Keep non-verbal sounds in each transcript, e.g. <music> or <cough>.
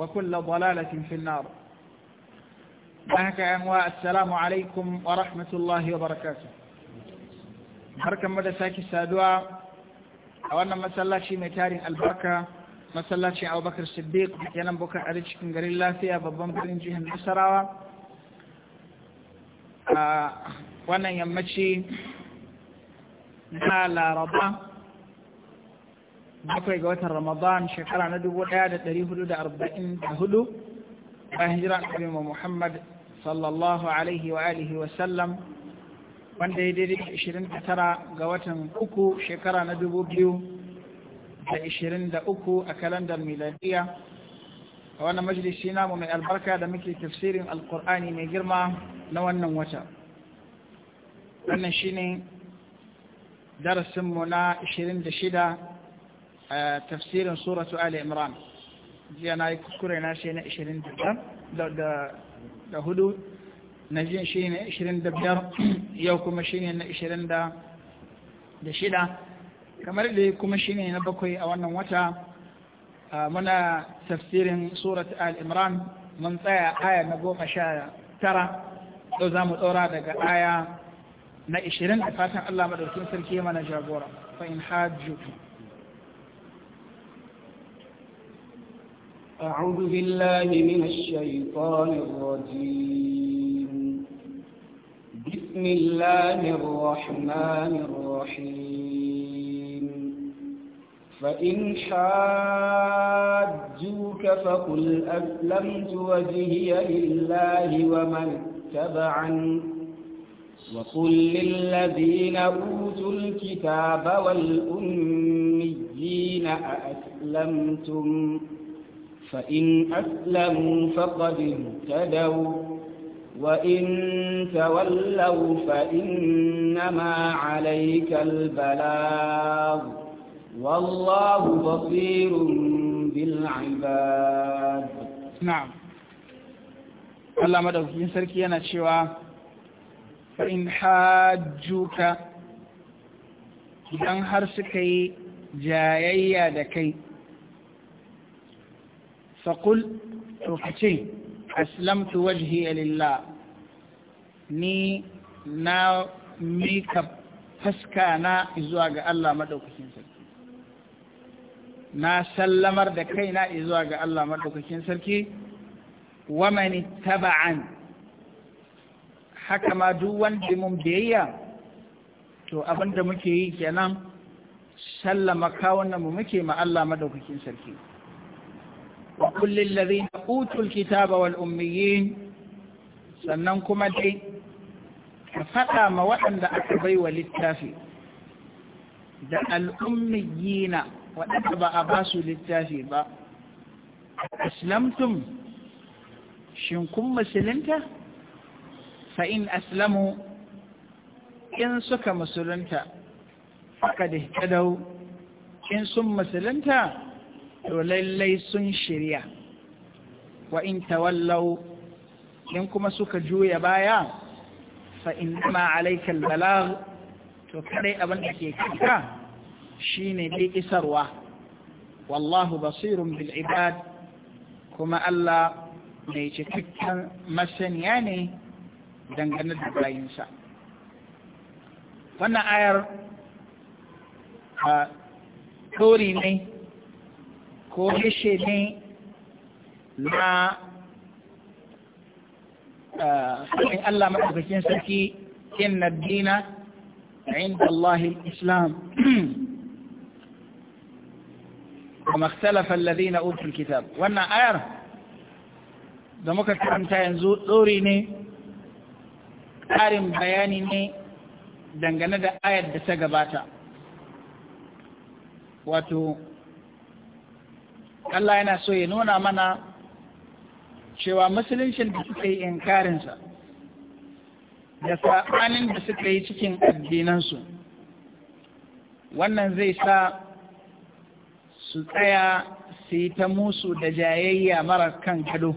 wa kulla dalalatin fil nar haka an wa assalamu alaikum wa rahmatullahi wa barakatuh barkan mu da saki saduwa a wannan masallaci mai tarin albarka masallacin abubakar siddiq yanan kenan boko cikin garin lafiya babban birnin jihar nasarawa a wannan yammaci na laraba bakwai ga watan ramadan shekara na dubu ɗaya da ɗari hudu da arba'in da hudu bayan hijira annabi muhammad sallallahu alaihi wa alihi wa sallam wanda ya daidai ishirin da tara ga watan uku shekara na dubu biyu da ishirin da uku a kalandar miladiya a wannan majalisi namu mai albarka da muke tafsirin alkur'ani mai girma na wannan wata wannan shine darasinmu na ishirin da shida tafsirin suratu Ali Imran jiya na yi kuskure na shi na 25 da hudu na jin shi ne na biyar, yau kuma shi ne na da shida, kamar da kuma shi ne na bakwai a wannan wata muna tafsirin suratu Ali Imran mun tsaya aya na goma sha tara yau za mu ɗora daga aya na 20 da fatan Allah maɗaukin sarki mana jagora fa in hajjutu أعوذ بالله من الشيطان الرجيم بسم الله الرحمن الرحيم فإن حاجوك فقل أسلمت وجهي لله ومن اتبعني وقل للذين أوتوا الكتاب والأميين أأسلمتم فإن أسلموا فقد اهتدوا وإن تولوا فإنما عليك البلاغ والله بصير بالعباد نعم الله في سركي أنا شوى فإن حاجوك إذا هرسكي جايا دكي faƙul to ka ce aslamtu wajhi lillah ni na mika fuska na zuwa ga Allah maɗaukakin sarki na sallamar da kaina zuwa ga Allah maɗaukakin sarki wa taba'an haka ma duk wanda mun biyayya to abinda muke yi kenan sallama kawunan mu muke ma Allah maɗaukakin sarki وكل الذين ba الكتاب والأميين sannan kuma dai ka faɗa ma waɗanda aka baiwa littafi da al'ummiyina waɗanda ba a basu littafi ba aslamtum shin kun musulunta fa'in aslamu in suka musulunta faƙa da in sun musulunta to lallai sun shirya wa in tawallau in kuma suka juya baya fa innama alaikal balagh to kadai abin da ke kanka shine dai isarwa wallahu basirun bil ibad kuma Allah mai cikakken masaniya ne dangane da bayinsa wannan ayar a tori ne ko shi ne na ah, sanin Allah maɗaukakin sarki inna dina عند الله الإسلام وما اختلف الذين أوتوا الكتاب وانا آير da muka karanta yanzu ɗori ne ƙarin bayani ne dangane da ayar da ta gabata wato Allah yana so ya nuna mana cewa musuluncin da suka yi inkarinsa da saɓanin da suka yi cikin addinansu wannan zai sa su tsaya su yi ta musu da jayayya mara kan gado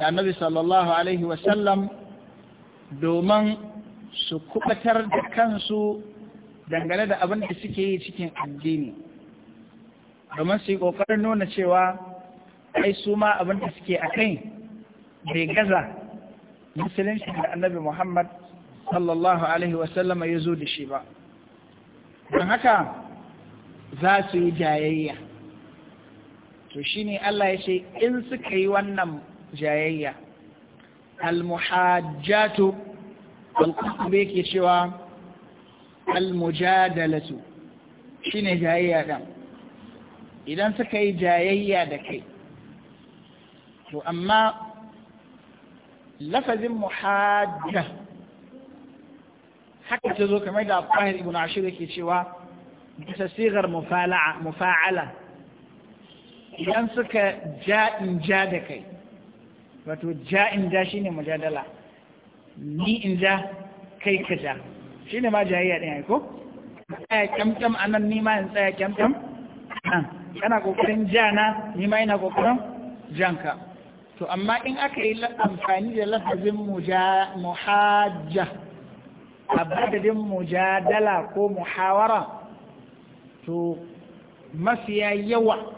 da annabi sallallahu alaihi wasallam domin su kubatar da kansu dangane da abin da suke yi cikin addini. domin su yi ƙoƙarin nuna cewa ai su ma abin da suke a kai bai gaza musulunci da annabi muhammad sallallahu alaihi wasallama ya zo da shi ba don haka za su yi jayayya to shi ne allah ya ce in suka yi wannan jayayya almuhajjatu alkutu ke cewa almujadalatu shi ne jayayya ɗan idan suka yi jayayya da kai to amma lafazin muhajja haka ta zo kamar da Tahir ibn Ashir yake cewa bisa sigar mufa'ala idan suka ja in ja da kai wato ja in ja shine mujadala ni in ja kai ka ja shine ma jayayya din ai ko tsaya kyamkyam nan ni ma in tsaya kyamkyam kan kana kokarin jana ni ma ina kokarin janka to amma in aka yi amfani da lafazin muhajja a badadin mujadala ko muhawara to mafiya yawa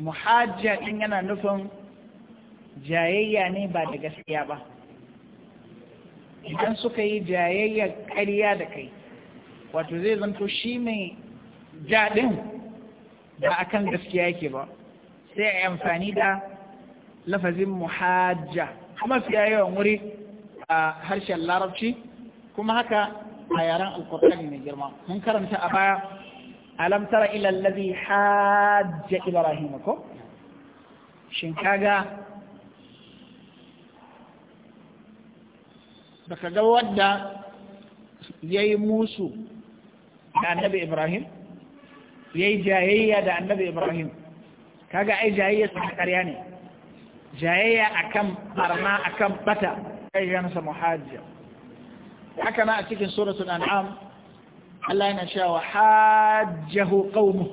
muhajja in yana nufin jayayya ne ba da gaskiya ba idan suka yi jayayya ƙarya da kai wato zai zanto shi mai jaɗin ba akan gaskiya yake ba sai a amfani da lafazin muhajja kuma fiya yawan wuri a harshen larabci kuma haka a yaren alkur'ani mai girma mun karanta a baya alam tara ila allazi hajja ibrahim ko shin kaga baka ga wanda yayi musu da annabi ibrahim yayi jayayya da annabi ibrahim kaga ai jayayya su karya ne jayayya akan barna akan bata kai ya nasa muhajja haka na a cikin suratun an'am Allah yana wa hajjahu qaumu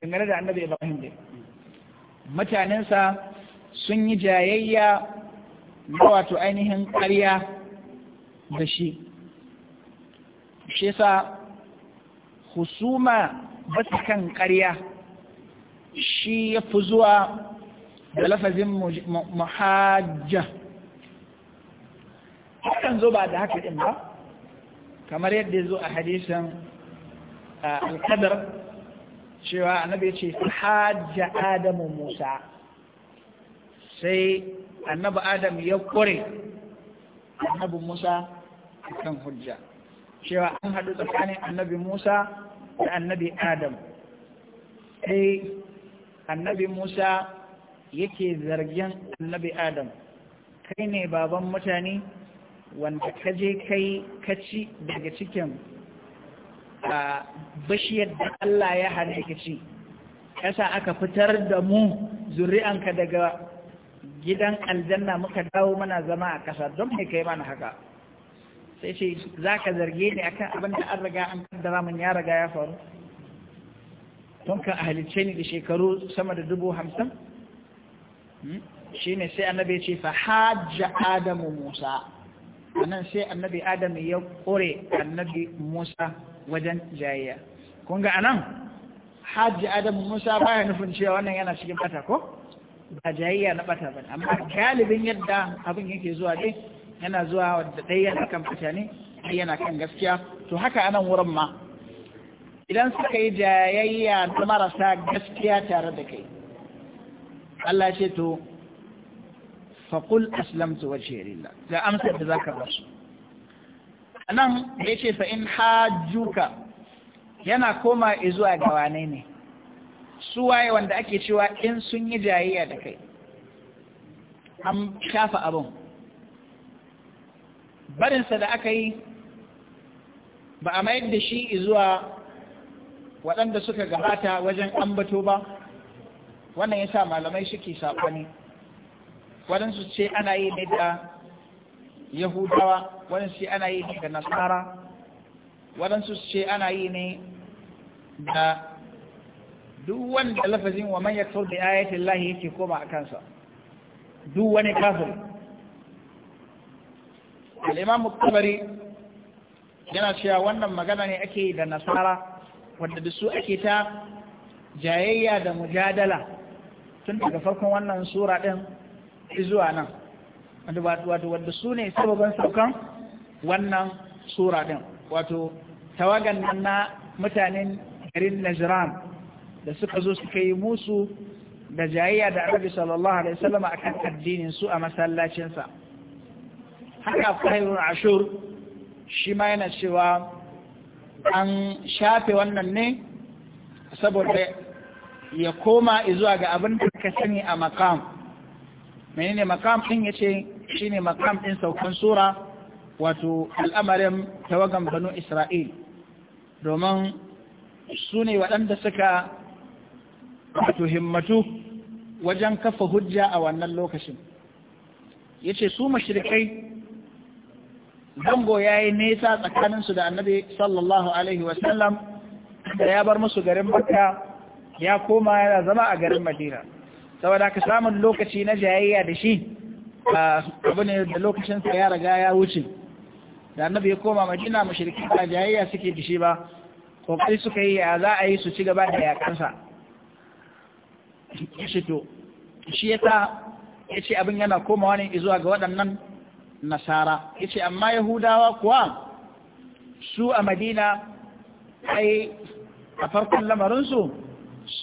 dangane da annabi ibrahim dai mutanensa sun yi jayayya na wato ainihin karya da shi shi yasa husuma basu kan ƙarya shi ya fi zuwa da lafazin muhajja hakan zo ba da haka ɗin ba kamar yadda zo a hadisan al-Qadar, cewa annabi ce hajja adamu musa sai annabi adam ya kore annabi musa kan hujja cewa an haɗu tsakanin annabi musa da annabi adam sai annabi musa yake zargin annabi adam kai ne baban mutane wanda ka je kai kaci daga cikin a bashiyar da Allah ya hana ka ci ƙasa aka fitar da mu zuri'anka daga gidan aljanna muka dawo mana zama a ƙasa don mai kai mana haka sai ce za ka zarge ni akan abin da an raga an kaddara min ya raga ya faru tun kan a halicce ni da shekaru sama da dubu hamsin hmm? shi ne sai annabi ce fa hajja adamu musa nan sai annabi adamu ya kore annabi musa wajen jayayya kun ga anan hajji adamu musa baya nufin cewa wannan yana cikin bata ko ba jayayya na bata ba amma galibin yadda abin yake zuwa dai yana zuwa wadda ɗaya yana kan fata ne yana kan gaskiya to haka anan wurin ma idan suka yi jayayya da marasa gaskiya tare da kai Allah ce to faƙul aslamtu wa shirila Da amsa da za ka rasu. a nan ya ce fa'in hajjuka yana koma zuwa ga wane ne su waye wanda ake cewa in sun yi jayayya da kai an shafa abin barinsa da aka yi ba a mayar da shi zuwa waɗanda suka gabata wajen ambato ba wannan ya sa malamai suke saƙoni waɗansu ce ana yi ne da yahudawa waɗansu ce ana yi ne da nasara waɗansu ce ana yi ne da duk wanda lafazin wa manyan turbi bi yake koma a kansa duk wani kafin. al'imamu tabari yana cewa wannan magana ne ake da nasara wadda da su ake ta jayayya da mujadala tun daga farkon wannan sura ɗin zuwa nan wato wadda su ne sababin saukan wannan sura ɗin wato tawagan nan na mutanen garin najran da suka zo suka yi musu da jayayya da arabi sallallahu alaihi wasallam akan addinin su a masallacinsa haka fahimul ashur shi ma yana cewa an shafe wannan ne saboda ya koma zuwa ga abin da ka sani a makam mai ne makam ɗin ya ce shi ne makam ɗin saukan sura wato al'amarin tawagan banu isra'il domin su ne waɗanda suka wato himmatu wajen kafa hujja a wannan lokacin ya ce su mashirikai zango ya yi nesa tsakaninsu da annabi sallallahu alaihi wasallam da ya bar musu garin makka ya koma yana zama a garin madina saboda ka samun lokaci na jayayya da shi abu ne da lokacinsa ya raga ya wuce da annabi ya koma madina shirki ba jayayya suke da shi ba kokari suka yi ya za a yi su ci gaba da yakansa shi to shi ya ta ya ce abin yana komawa ne zuwa ga waɗannan nasara yace amma yahudawa kuwa su a madina ai a farkon lamarinsu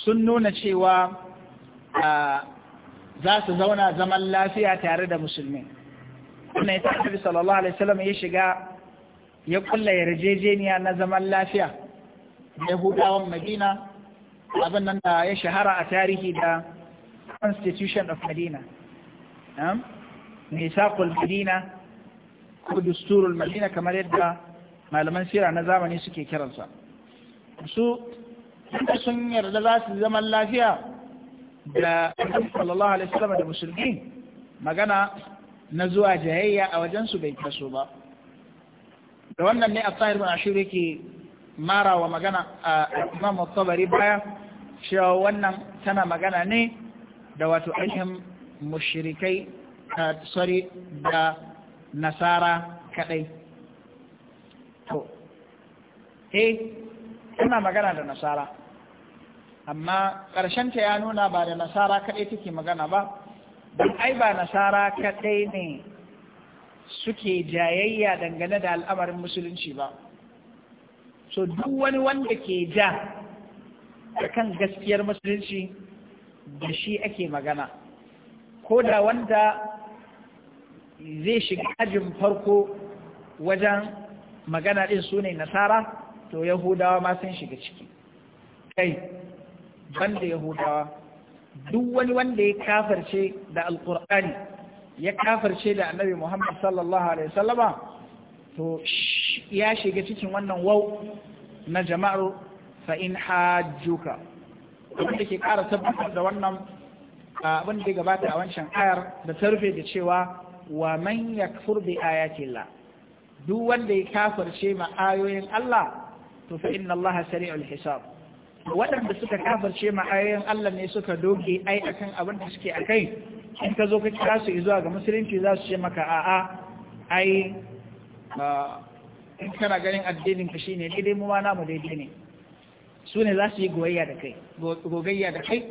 sun nuna cewa za su zauna zaman lafiya tare da musulmi wannan ita annabi sallallahu alaihi wasallam ya shiga ya kulla yarjejeniya na zaman lafiya yahudawan madina abin nan da ya shahara a tarihi da constitution of madina mishaqul madina ko dusturul madina kamar yadda malaman sira na zamani suke kiransa su sun yarda za su zaman lafiya da sallallahu alaihi wasallam da musulmi magana na zuwa jayayya a wajen su bai taso ba da wannan ne a tsahir bin ashir yake mara magana a imam tabari baya cewa wannan tana magana ne da wato ainihin mushirikai? sorry da nasara kadai to eh ina magana da nasara amma ƙarshen ta ya nuna ba da nasara kadai take magana ba don ai ba nasara kadai ne suke jayayya dangane da al'amarin musulunci ba so duk wani wanda ke ja da kan gaskiyar musulunci da shi ake magana ko da wanda zai shiga ajin farko wajen magana ɗin su ne nasara to yahudawa ma sun shiga ciki kai banda yahudawa duk wani wanda ya kafarce da alkur'ani ya kafarce da annabi muhammad sallallahu alaihi wasallama to ya shiga cikin wannan wau na jama'ar fa'in hajjuka wanda ke kara tabbatar da wannan abin da gabata a wancan ayar da ta rufe da cewa wa man yakfur bi duk wanda ya kafirce ma ayoyin Allah to fa inna Allah sari'ul hisab waɗanda suka kafirce ma ayoyin Allah ne suka doge ai akan abin da suke akai in ka zo ka kira su zuwa ga musulunci za su ce maka a'a ai in kana ganin addinin ka shine daidai mu ma namu daidai ne su ne za su yi gogayya da kai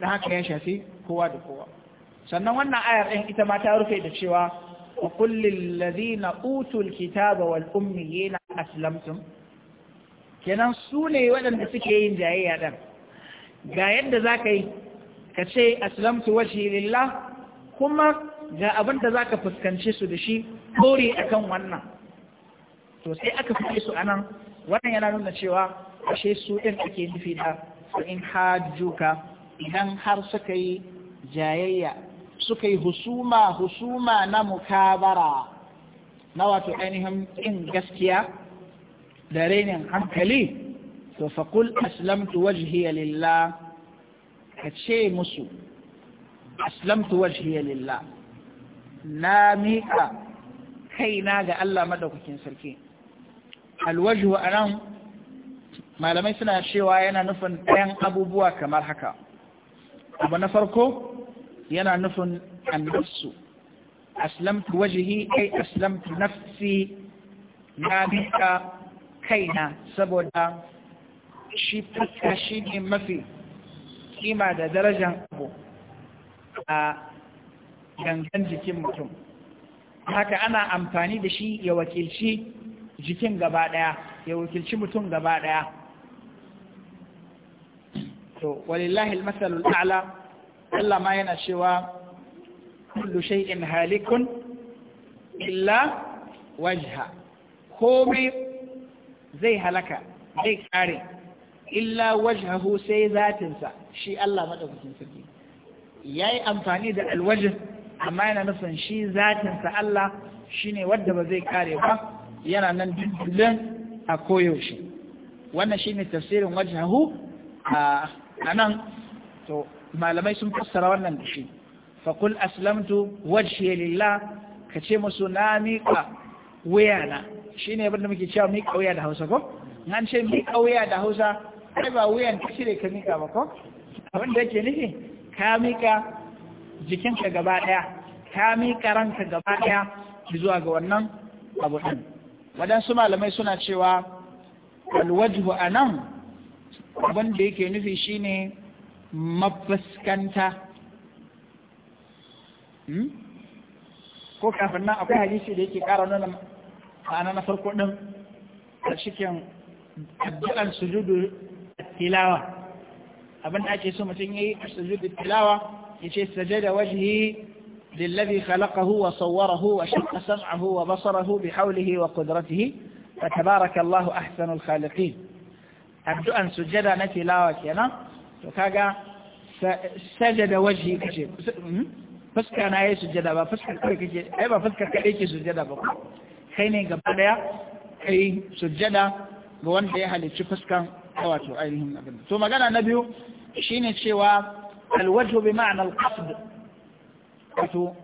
da haka ya shafi kowa da kowa sannan wannan ayar ɗin ita ma ta rufe da cewa wa kullil ladina utul kitaba wal ummiyina aslamtum kenan su ne waɗanda suke yin jayayya ɗan ga yadda za ka yi ka ce aslamtu washi lilla? kuma ga abin da za ka fuskanci su da shi kore a kan wannan to sai aka fi su a nan wannan yana nuna cewa ashe su ɗin ake nufi da in hajjuka idan har suka yi jayayya suka yi husuma husuma na mukabara na wato ainihin in gaskiya da rainin hankali to faƙul aslamtu wajhiya lillah ka ce musu aslamtu wajhiya lillah na miƙa kaina ga Allah maɗaukakin sarki alwajhu a nan malamai suna cewa yana nufin ɗayan abubuwa kamar haka abu na farko yana nufin annafsu aslamtu wajihi ai aslamtu nafsi na miƙa kaina saboda shi fuska shi ne mafi kima da darajar abu a gangan jikin mutum haka ana amfani da shi ya wakilci jikin gaba ya wakilci mutum gaba ɗaya. to walillahi almasalul a'la Allah ma yana cewa kullu shay'in halikun illa wajha komai zai halaka zai kare illa wajhahu sai zatinsa shi Allah madaukakin sarki yayi amfani da alwajh amma yana nufin shi zatinsa Allah shine wadda ba zai kare ba yana nan dindindin a koyaushe wannan shine tafsirin wajhahu a nan to malamai sun fassara wannan da shi faƙul aslamtu wajhiya lillah ka ce musu na miƙa na. shi ne abin da muke cewa miƙa wuya da hausa ko an ce miƙa wuya da hausa kai ba wuyan ka cire ka miƙa ba ko abin da yake nufi ka miƙa jikinka gaba ɗaya ka miƙa ranka gaba ɗaya zuwa ga wannan abu ɗin waɗansu malamai suna cewa alwajhu anan abin da yake nufi shine mafuskanta hmm? ko kafin nan akwai hadisi da yake ƙara nuna ma'ana na farko ɗin a cikin addu'an sujudu tilawa abin da ake so mutum yayi sujudu tilawa yace sajada wajhi lillazi khalaqahu wa sawwarahu wa shaqqa sam'ahu wa basarahu bi hawlihi wa qudratihi fatabaraka Allahu ahsanul khaliqin addu'an sujada na tilawa kenan to kaga sajada waje kace hmm? fuska na yayi sujada ba fuskar kai kake ai ba fuskar kai yake sujada ba kai ne gaba daya kai sujada ga wanda ya halicci fuskan wato ainihin abin to magana na biyu shine cewa alwajhu bi ma'na alqasd wato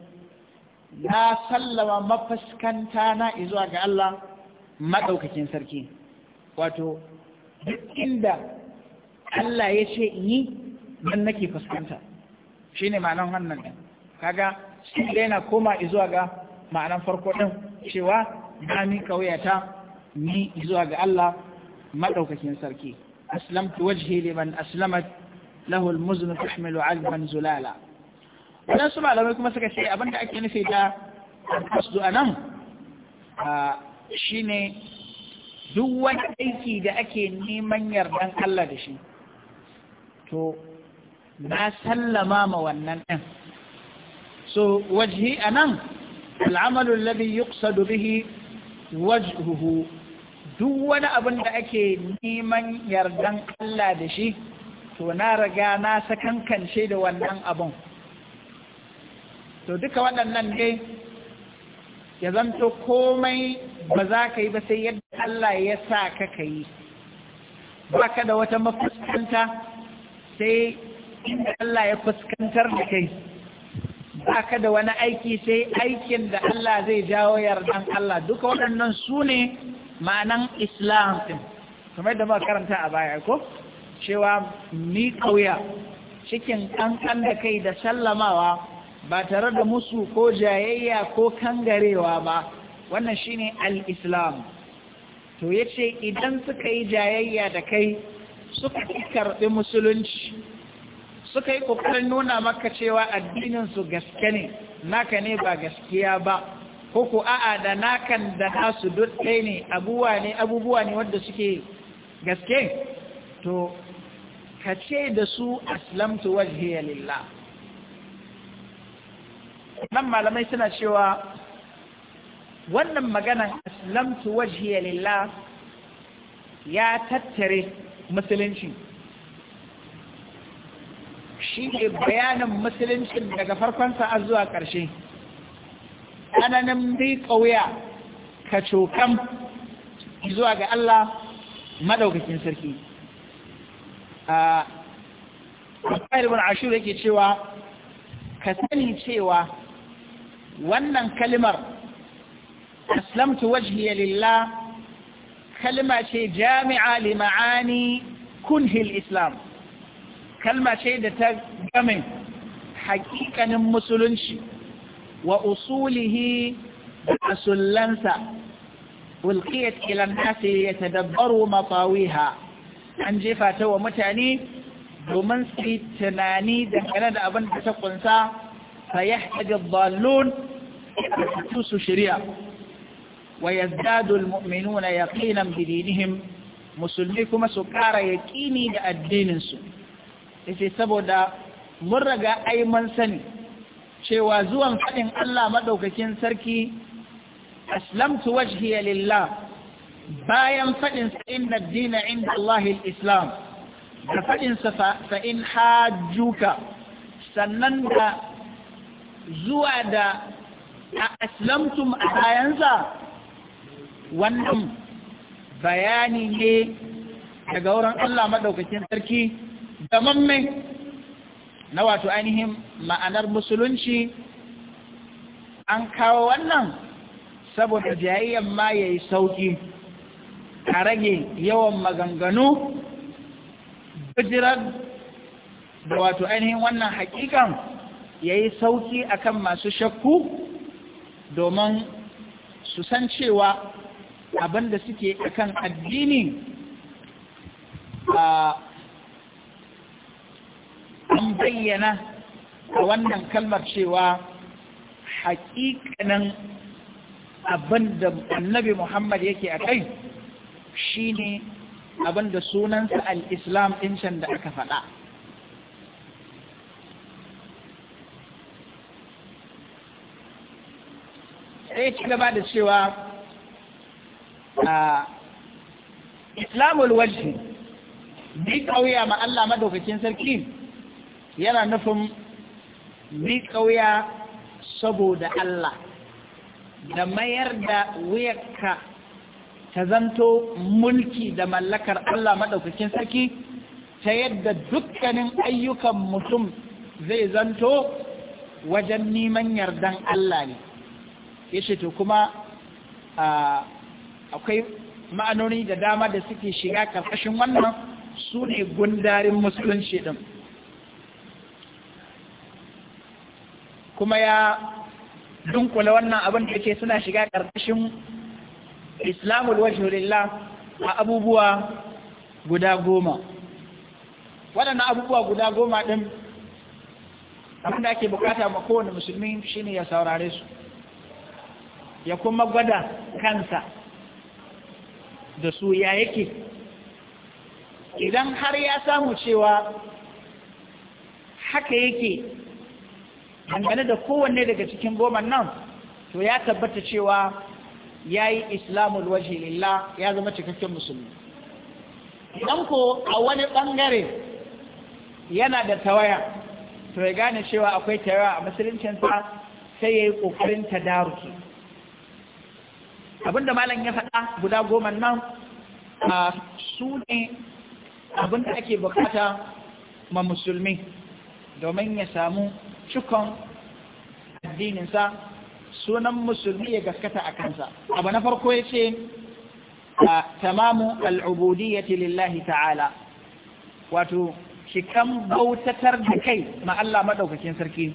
na sallama mafuskanta na izuwa ga Allah madaukakin sarki wato duk inda Allah ya ce in yi don nake fuskanta shi ne ma'anan wannan ɗin kaga shi dai na koma izuwa ga ma'anan farko ɗin cewa na mi kauyata ni izuwa ga Allah maɗaukakin sarki aslamtu wajhi liman aslamat lahu almuzn tahmilu alban zulala su malamai kuma suka ce abinda ake nufi da alqasdu anan shine duk wani aiki da ake neman yardan Allah da shi to na sallama ma wannan ɗin so wajhi a nan al'amalu labi yuqsadu bihi wajhuhu duk wani abin da ake neman yardan Allah da shi to na raga na sakankance da wannan abin to duka waɗannan ne ya zanto komai ba za ka yi ba sai yadda Allah ya sa ka ka yi ba ka da wata mafuskanta sai inda Allah ya fuskantar da kai ba ka da wani aiki sai aikin da Allah zai jawo yardan Allah duka waɗannan su ne ma'anan islam ɗin yadda da karanta a baya ko cewa ni kauya cikin ƙanƙan da kai da sallamawa ba tare da musu ko jayayya ko kangarewa ba wannan shine al-islam to yace idan suka yi jayayya da kai suka karɓi musulunci suka yi ƙoƙarin nuna maka cewa addininsu gaske ne naka ne ba gaskiya ba ko ku a'a da nakan da nasu duk ɗaya ne abubuwa ne abubuwa ne wadda suke gaske to ka ce da su aslamtu wajhiya lillah nan malamai suna cewa wannan maganan aslamtu wajhiya lillah ya tattare musulunci shi ne bayanin musuluncin daga farkon har zuwa ƙarshe ƙananan dai ƙauya ka cokan zuwa ga Allah maɗaukakin sarki a ƙarfin ashiru yake cewa ka sani cewa wannan kalimar aslamtu wajhiya lillah kalma ce jami'a li ma'ani kunhil islam kalma ce da ta game hakikanin musulunci wa usulihi da asullansa ulqiyat ya nasi yatadabbaru matawiha an jefa ta wa mutane domin su yi tunani da abin da ta kunsa fa yahtaji dhallun su shari'a ويزداد المؤمنون يقينا birinihim musulmi kuma su ƙara yaƙini da addininsu yace saboda mun raga aiman sani cewa zuwan faɗin Allah maɗaukakin sarki aslamtu wajhiya lillah bayan faɗin sa'in addina inda Allah islam da faɗin sa'in hajjuka sannan da zuwa da a a kayansa. wannan bayani ne daga wurin Allah maɗaukakin sarki da mamme na wato ainihin ma'anar musulunci an kawo wannan saboda jayayyan ma ya yi sauƙi a rage yawan maganganu bijirar da wato ainihin wannan hakikan ya yi sauƙi akan masu shakku domin su san cewa abinda suke akan addini a an bayyana a wannan kalmar cewa hakikanin abinda annabi Muhammad yake a kai shine abinda sunansa al-islam ɗin da aka faɗa. sai ci gaba da cewa islamul wajhi bi kauya ma Allah madaukakin sarki yana nufin bi kauya saboda Allah da mayar da wuyarka ta zanto mulki da mallakar Allah madaukakin sarki ta yadda dukkanin ayyukan mutum zai zanto wajen neman yardan Allah ne yace to kuma a akwai ma'anoni da dama da suke shiga karkashin wannan su ne gundarin musulunci ɗin kuma ya dunkula wannan abin da ke suna shiga karkashin islamul wajhulillah a abubuwa guda goma waɗannan abubuwa guda goma ɗin abin ake bukata ma kowane musulmi shine ya saurare su ya kuma gwada kansa da su ya yake idan har ya samu cewa haka yake dangane da kowanne daga cikin goman nan to ya tabbata cewa ya yi islamul waje lillah ya zama cikakken musulmi idan ko a wani bangare yana da tawaya to ya gane cewa akwai tawaya a musuluncinsa sai ya yi ƙoƙarin daruki. abinda malam ya faɗa guda goma nan a su ne abinda ake bukata ma musulmi domin ya samu cikon addininsa sunan musulmi ya gaskata a kansa abu na farko ya ce a tamamu al'ubudiyyati lillahi ta'ala wato shikan bautatar da kai ma Allah maɗaukakin sarki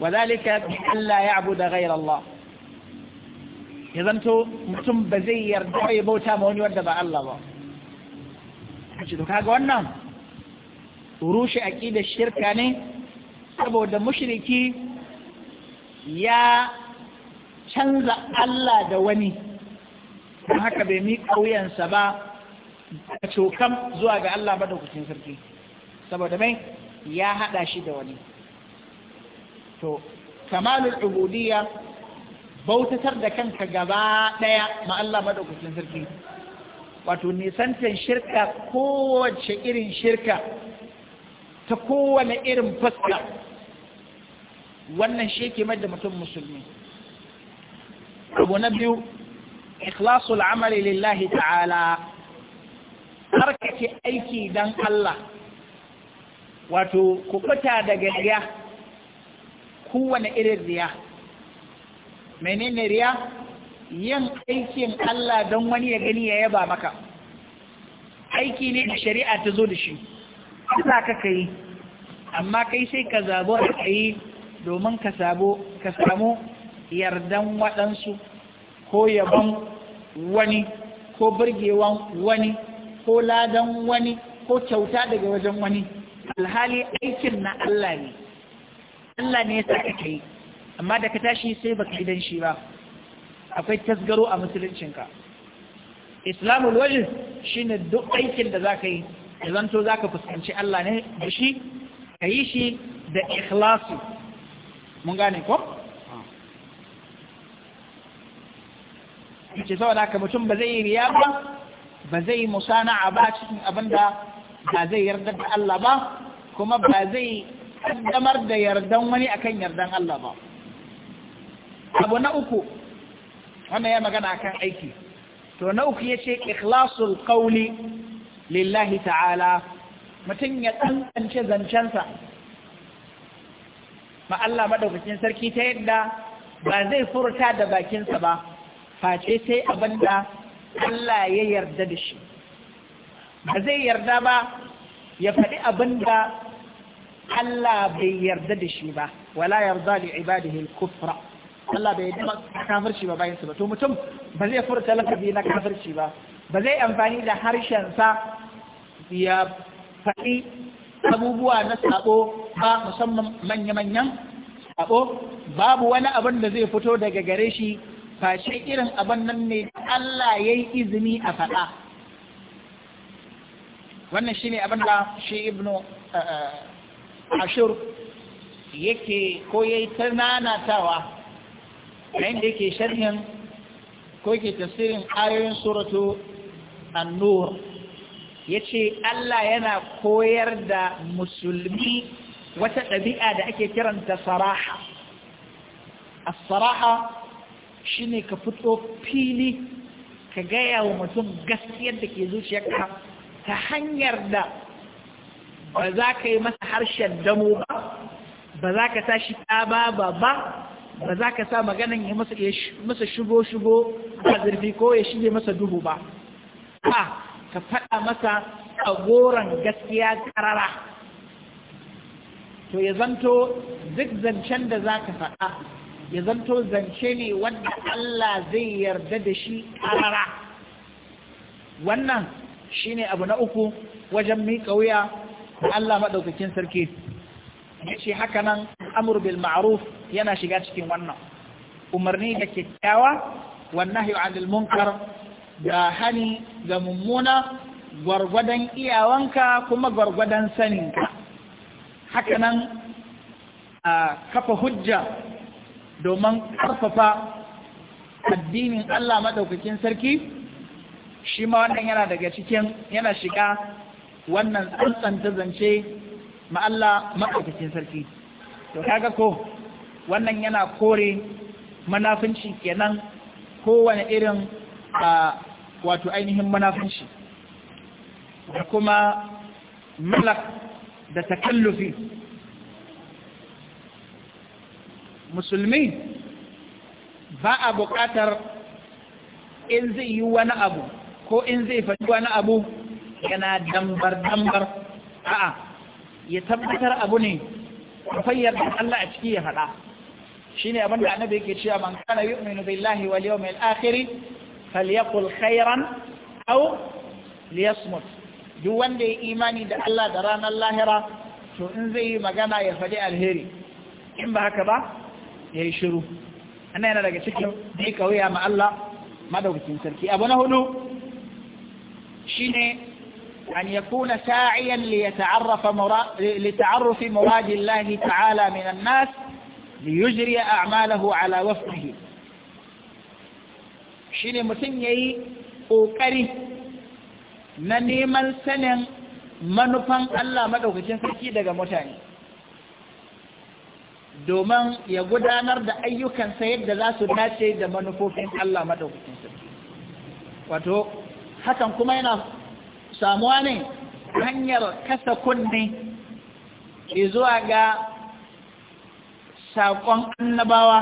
wa zalika Allah ya abu da ghairar Allah ya zanto mutum ba zai yarda ya bauta ma wani wadda ba Allah ba kace to kaga wannan rushe aƙida shirka ne saboda mushriki ya canza Allah da wani don haka bai mi ƙauyensa ba a cokam zuwa ga Allah ba da kucin sarki saboda mai ya haɗa shi da wani to kamalul ubudiyya bautatar da kanka gaba ɗaya ma Allah madaukakin sarki wato nisantan shirka kowace irin shirka ta kowane irin fuska wannan shi ke da mutum musulmi abu na biyu ikhlasul amali lillahi ta'ala harkake aiki don Allah wato kubuta daga riya kowane irin riya menene riya yin aikin Allah don wani ya gani ya yaba maka aiki ne da shari'a ta zo da shi za ka kai amma kai sai ka zabo a kai domin ka samu yardan waɗansu ko yabon wani ko birgewan wani ko ladan wani ko kyauta daga wajen wani alhali aikin na Allah ne Allah ne ya sa ka kai amma da ka tashi sai baka gidan shi ba akwai tasgaro a musuluncinka islamul wajh shine duk aikin da zaka yi da zanto zaka fuskanci Allah ne da shi ka yi shi da ikhlasi mun gane ko ce saboda ka mutum ba zai yi riya ba ba zai yi musana'a ba cikin abinda ba zai yarda da Allah ba kuma ba zai kaddamar da yardan wani akan yardan Allah ba abu na uku wannan ya magana akan aiki to na uku yace ikhlasul qawli lillahi ta'ala mutum ya tsantsance zancensa ma Allah madaukakin sarki ta yadda ba zai furta da bakinsa ba face sai abinda Allah ya yarda da shi ba zai yarda ba ya faɗi abinda Allah bai yarda da shi ba wala yarda li ibadihi al-kufra Allah bai yi kafirci ba bayan su ba to mutum ba zai furta lafazi na kafirci ba ba zai amfani da harshensa ya faɗi abubuwa na sabo ba musamman manya-manyan sabo babu wani abin da zai fito daga gare shi Ba shi irin abin nan ne Allah ya yi izini a faɗa wannan shi ne abin da shi ibnu eh, eh, ashur yake ko ya yi ta yayin da yake sharhin ko yake tafsirin ayoyin suratu an-nur yace Allah yana koyar da musulmi wata ɗabi'a da ake kiranta faraha. A faraha shine ka fito fili ka gaya wa mutum gaskiyar da ke zuciyarka ta hanyar da ba za ka yi masa harshen damo ba ba za ka tashi ɗaba ba ba za ka sa maganin ya masa shigo-shigo a zurfi ko ya shige masa duhu ba Ba ka faɗa masa a goron gaskiya karara to ya zanto duk zancen da za ka faɗa ya zanto zance ne wanda Allah zai yarda da shi karara wannan shine abu na uku wajen miƙa wuya Allah maɗaukakin sarki yace haka nan amru bil ma'ruf yana shiga cikin wannan umarni da kyakkyawa wan nahyu 'anil munkar da hani ga mummuna gwargwadon iyawanka kuma gwargwadon saninka haka nan a kafa hujja domin karfafa addinin Allah maɗaukakin sarki shi ma wannan yana daga cikin yana shiga wannan tsantsanta zance ma Allah sarki to kaga ko wannan yana kore manafinci kenan kowane irin a wato ainihin manafinci da kuma malak da takallufi musulmi ba a buƙatar in zai yi wani abu ko in zai faɗi wani abu yana dambar-dambar a'a ya tabbatar abu ne fayyar da Allah a ciki ya faɗa shi ne abinda annabi yake cewa man kana yu'minu billahi wal yawmil akhir falyaqul khairan aw liyasmut duk wanda ya imani da Allah da ranar lahira to in zai yi magana ya faɗi alheri in ba haka ba ya yi shiru ana yana daga cikin dai kauya ma Allah madaukakin sarki abu na hudu shine أن يكون ساعيا ليتعرف مرا... لتعرف مراد الله تعالى من الناس ليجري أعماله على وفقه shine mutum ya yi ƙoƙari na neman sanin manufan Allah maɗaukacin sarki daga mutane domin ya gudanar da ayyukansa yadda za su dace da manufofin Allah maɗaukacin sarki wato hakan kuma yana samuwa ne hanyar kasa kunne zuwa ga saƙon annabawa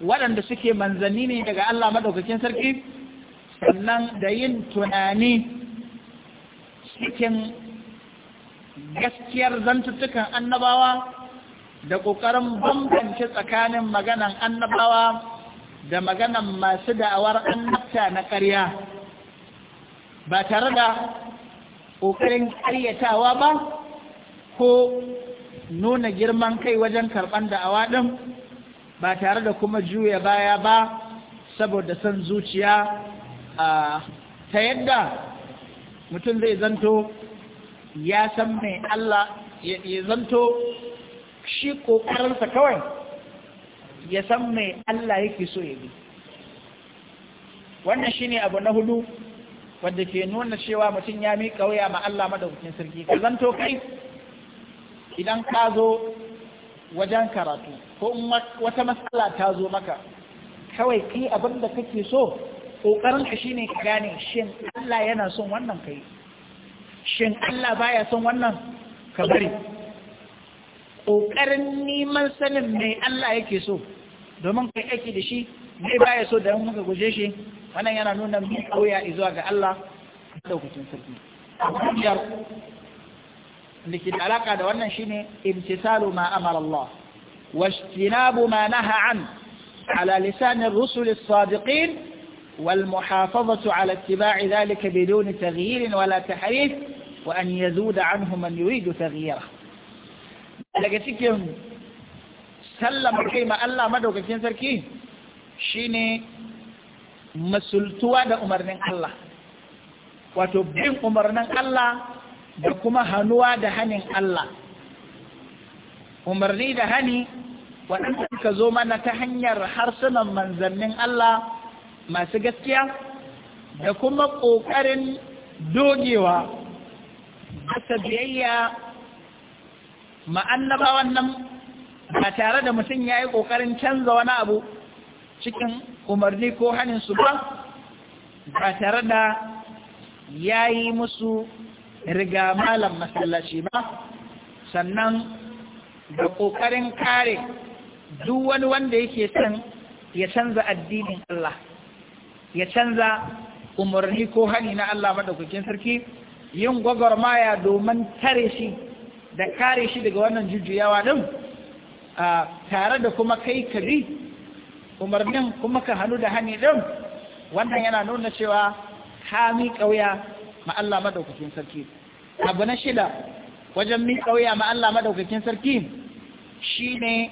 waɗanda suke manzanni ne daga Allah maɗaukakin sarki sannan da yin tunani cikin gaskiyar zantuttukan annabawa da ƙoƙarin bambance tsakanin maganan annabawa da maganan masu da'awar annabta na ƙarya ba tare da ƙoƙarin ƙaryatawa ba ko nuna girman kai wajen karɓan da ɗin ba tare da kuma juya baya ba saboda son zuciya ta yadda mutum zai zanto ya san mai Allah ya zanto shi ƙoƙarinsa kawai ya san mai Allah yake so ya bi wannan shi ne abu na hudu wanda ke nuna cewa mutum ya miƙa kawai ma Allah madaukakin sarki ka zanto kai idan ka zo wajen karatu ko wata matsala ta zo maka kawai kai abin da kake so ƙoƙarin ka shine ka gane shin Allah yana son wannan kai shin Allah baya son wannan ka bari ƙoƙarin neman sanin mai Allah yake so domin kai aiki da shi mai ya so da muka guje shi wannan yana nuna mai kauya zuwa ga Allah daukacin sarki biyar da ke da alaka da wannan shine imtisalu ma amara Allah wa washtinabu ma naha an ala lisan ar-rusul as-sadiqin wal muhafazatu ala ittiba'i dhalika bidun taghyir wala tahrif wa an yazuda anhu man yuridu taghyira daga cikin sallama kai ma Allah madaukakin sarki shine masultuwa da umarnin Allah wato bin umarnin Allah da kuma hannuwa da hanin Allah umarni da hani waɗanda suka zo mana ta hanyar harsunan manzannin Allah masu gaskiya da kuma ƙoƙarin dogewa da biyayya ma'annaba wannan ba tare da mutum ya yi ƙoƙarin canza wani abu cikin umarni ko hannun su ba ba tare da ya yi musu riga malam masallaci ba sannan da ƙoƙarin kare duk wani wanda yake son ya canza addinin Allah ya canza umarni ko hani na Allah madaukakin sarki yin gwagwarmaya domin tare shi da kare shi daga wannan jujjuyawa din tare da kuma kai kari umarnin kuma ka hannu da hani ɗin wannan yana nuna cewa ka miƙa wuya ma Allah madaukakin sarki abu na shida wajen miƙa wuya ma Allah madaukakin sarki shine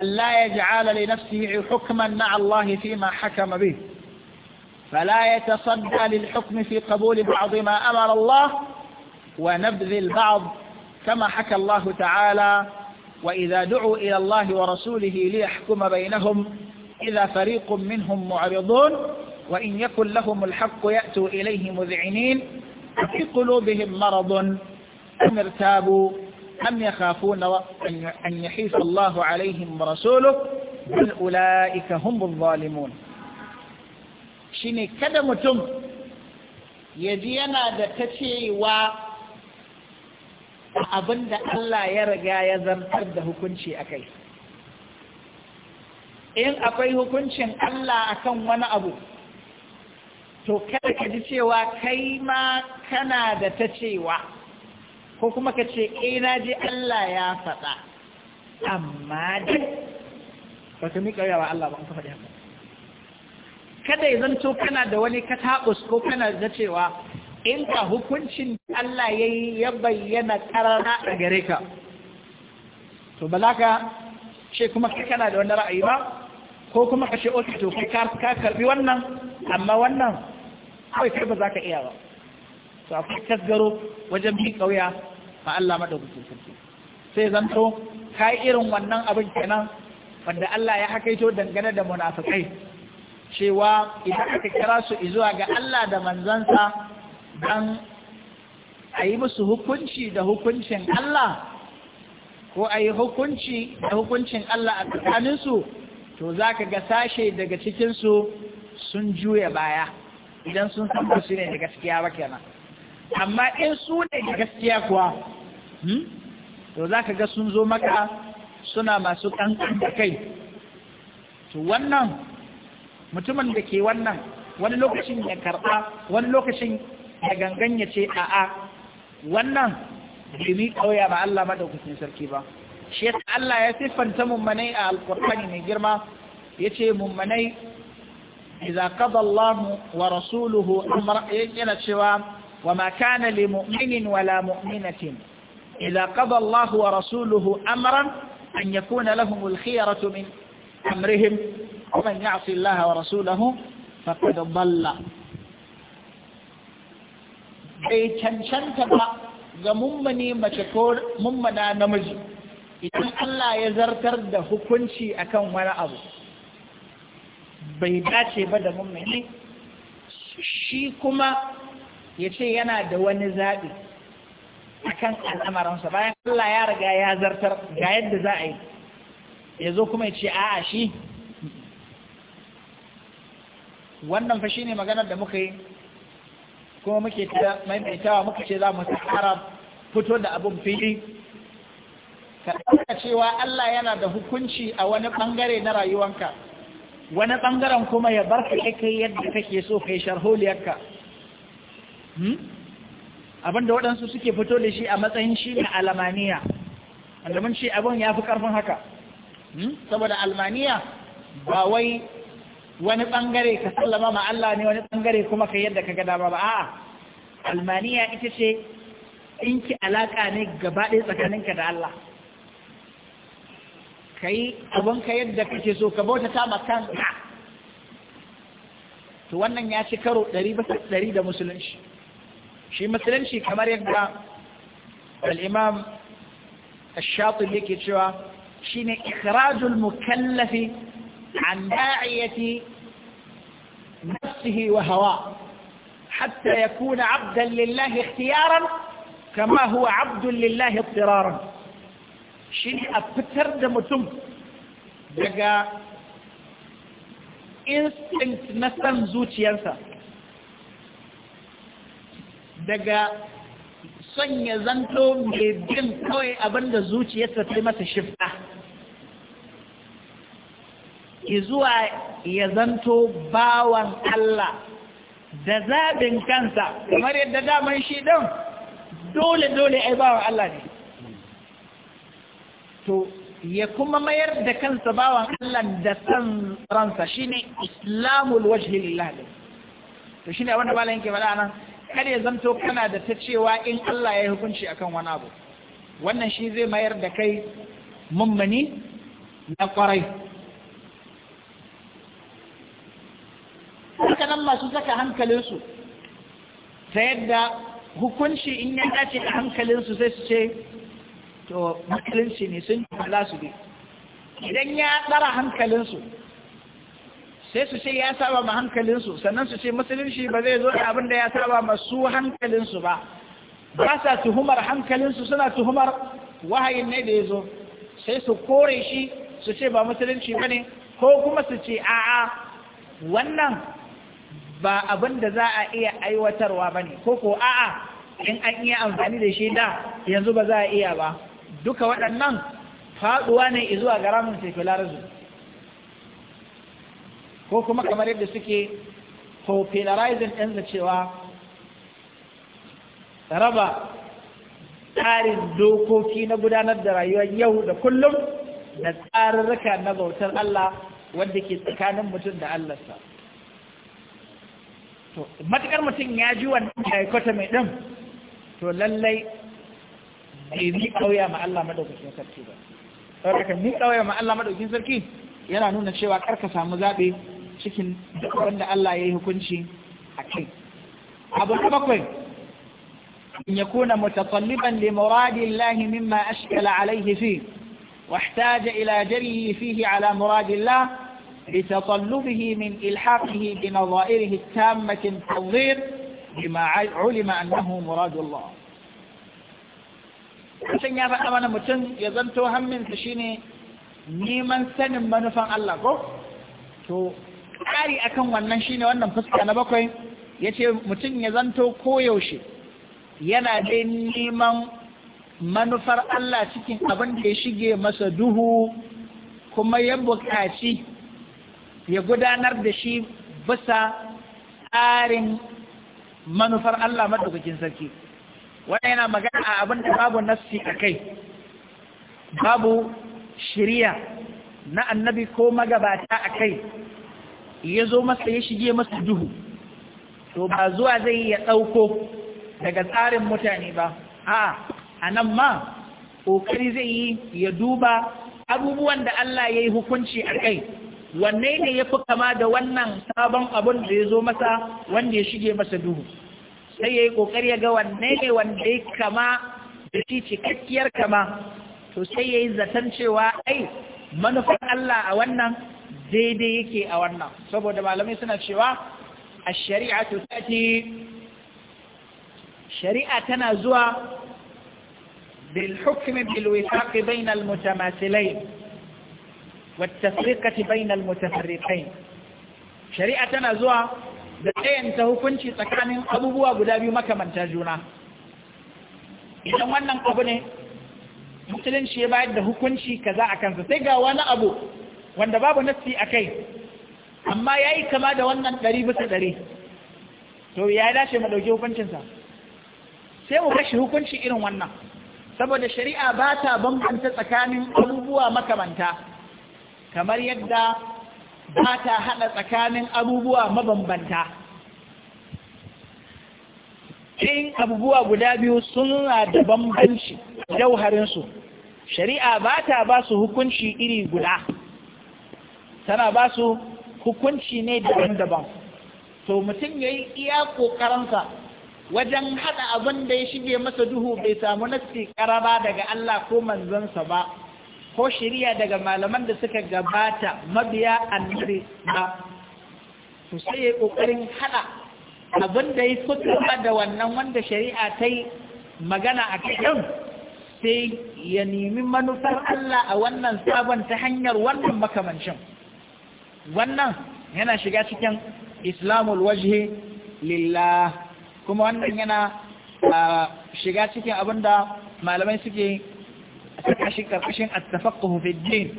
Allah ya ja'ala li nafsihi hukman ma Allah fi ma hakama bih فلا يتصدى للحكم في قبول بعض ما أمر kama ونبذ البعض كما حكى الله تعالى وإذا دعوا إلى الله ورسوله إذا فريق منهم معرضون وإن يكن لهم الحق يأتوا إليه مذعنين في قلوبهم مرض أم ارتابوا أم يخافون أن يحيف الله عليهم ورسوله بل أولئك هم الظالمون شني كدمتم يدينا دكتشي و أبند da يرقى يزم abinda Allah ya in akwai hukuncin Allah akan wani abu to kada ka ji cewa kai ma kana da ta cewa ko kuma ka ce ina eh, na ji Allah ya faɗa amma da ba ka miƙa yawa Allah ba ka faɗi haka kada ya zanto kana da wani kataɓus ko kana da cewa in ka hukuncin Allah ya yi ya bayyana ƙarara a gare ka to ba za ka ce kuma kana da wani ra'ayi ba ko kuma ka ce oke to kai ka karbi wannan amma wannan kawai kai ba za ka iya ba to akwai tasgaro wajen bi kauya fa Allah madaukakin sarki sai zanto kai irin wannan abin kenan wanda Allah ya ito dangane da munafikai cewa idan aka kira su zuwa ga Allah da manzansa dan a yi musu hukunci da hukuncin Allah ko a yi hukunci da hukuncin Allah a tsakaninsu to za ka ga sashe daga cikinsu sun juya baya idan sun san ba su ne da gaskiya ba kenan amma in su ne da gaskiya kuwa hmm, to za ka ga sun zo maka suna masu ƙanƙan da kai to wannan mutumin da ke wannan wani lokacin ya karɓa wani lokacin ya gangan ce a'a wannan jimi ƙauya ba Allah madaukakin sarki ba shi Allah ya siffanta mummanai a alqur'ani mai girma yace mummanai idza qada Allah wa rasuluhu yana cewa wa ma kana li mu'minin wala mu'minatin idza qada wa rasuluhu amran an ya lahum al-khiyaratu min amrihim ومن يعصي wa rasuluhu فقد balla bai cancanta ba ga mummane mace ko mummana namiji idan Allah ya zartar da hukunci akan wani abu bai dace ba da mummuni shi kuma ya ce yana da wani zaɓi akan al'amaransa bayan Allah ya riga ya zartar ga yadda za a yi ya zo kuma ya ce a'a shi wannan fa shine maganar da muka yi kuma muke ta maimaitawa muka ce za mu tsara fito da abin fili ka ɗauka cewa Allah yana da hukunci a wani ɓangare na rayuwanka wani ɓangaren kuma ya bar ka kai yadda kake so kai sharholiyarka hmm? abinda waɗansu suke fito da shi a matsayin shi ne almaniya, wanda mun ce abin ya fi ƙarfin haka hmm? saboda almaniya ba wai wani ɓangare ka sallama ma Allah ne wani ɓangare kuma kai yadda ka gada ba ba a'a almaniya ita ce in ki alaƙa ne gaba ɗaya tsakaninka da Allah kai abun ka yadda kake so ka bauta ta makanka to wannan ya ci karo 100 da musulunci shi musulunci kamar yadda al-imam ash الشاطب yake cewa shine ikhrajul mukallafi an da'iyati nafsihi wa hawa hatta yakuna 'abdan lillahi ikhtiyaran kama huwa 'abdun lillahi ittiraran shi ne a fitar da mutum daga instinct na san zuciyarsa daga son ya zanto mai bin kawai abinda zuciyarsa ta masa shifta zuwa ya zanto bawan Allah da zabin kansa kamar yadda daman shi ɗin dole-dole ai bawan Allah ne to ya kuma mayar da kansa bawan Allah da san ransa shine islamul wajhi lillah to shine abin da malamin ke faɗa nan kada ya zanto kana da ta cewa in Allah ya hukunci akan wani abu wannan shi zai mayar da kai mummuni na kwarai haka nan masu saka hankalinsu ta yadda hukunci in ya dace da hankalinsu sai su ce to makalinsu ne sun kula su ne idan ya tsara hankalinsu sai su ce ya saba ma hankalinsu sannan su ce musulunci ba zai zo da abin da ya saba ma su hankalinsu ba ba sa tuhumar hankalinsu suna tuhumar wahayin ne da ya zo sai su kore shi su ce ba musulunci ba ne ko kuma su ce a'a wannan ba abin da za a iya aiwatarwa ba ne ko ko a'a in an iya amfani da shi da yanzu ba za a iya ba duka waɗannan faɗuwa ne zuwa ga ramin secularism ko kuma kamar yadda suke popularizing ɗin da cewa raba tsarin dokoki na gudanar da rayuwar yau da kullum da tsarurruka na bautar Allah wanda ke tsakanin mutum da allahsa To, matukar mutum ya ji wannan mai ɗin, to lallai bai mi kauya ma Allah madaukakin sarki ba saboda mi kauya ma Allah madaukakin sarki yana nuna cewa kar ka samu zabe cikin duk wanda Allah ya yi hukunci a kai abu na bakwai in yakuna mutatalliban li muradillahi mimma ashkala alaihi fi واحتاج إلى جريه فيه على مراد الله لتطلبه من إلحاقه بنظائره التامة التنظير بما علم أنه مراد الله mutum ya faɗa mana mutum ya zanto shi shine neman sanin manufan Allah ko to ƙari akan wannan shine wannan fuska na bakwai ya ce mutum ya zanto koyaushe yana dai neman manufar Allah cikin abin da ya shige masa duhu kuma ya buƙaci ya gudanar da shi bisa tsarin manufar Allah madaukakin sarki wani yana magana a abin da babu nafsi a kai babu shirya na annabi ko magabata a kai ya zo masa ya shige masa duhu to ba zuwa zai yi ya ɗauko daga tsarin mutane ba a a nan ma ƙoƙari zai yi ya duba abubuwan da Allah ya yi hukunci a kai wanne ne ya fi kama da wannan sabon abin da ya zo masa wanda ya shige masa duhu sai ya yi ƙoƙari ya ga wanne ne wanda ya kama da shi cikakkiyar kama to sai ya yi zaton cewa ai manufar Allah a wannan daidai yake a wannan saboda malamai suna cewa a shari'a to shari'a tana zuwa بالحكم بالوفاق بين المتماثلين والتفرقة بين المتفرقين tana zuwa. da tsayanta hukunci tsakanin abubuwa guda biyu makamantar juna idan wannan abu ne musulunci ya bayar da hukunci kaza a kansa sai ga wani abu wanda babu nassi a kai amma ya yi kama da wannan ɗari bisa ɗari to ya dace mu ɗauki hukuncinsa sai mu kashe hukunci irin wannan saboda shari'a ba ta bambanta tsakanin abubuwa makamanta kamar yadda ba ta haɗa tsakanin abubuwa mabambanta in abubuwa guda biyu suna da bambanci jauharinsu shari'a ba ta ba su hukunci iri guda tana ba su hukunci ne daban-daban to mutum ya yi iya ƙoƙaransa wajen haɗa abin da ya shige masa duhu bai samu nasti ƙaraba daga Allah ko manzansa ba ko shirya daga malaman da suka gabata mabiya annabi ba to sai ya kokarin hada abin da ya kuma da wannan wanda shari'a ta yi magana a cikin sai ya nemi manufar Allah a wannan sabon ta hanyar wannan makamancin wannan yana shiga cikin islamul wajhi lillah kuma wannan yana ah, shiga cikin abin da malamai suke a karkashin karkashin at fi din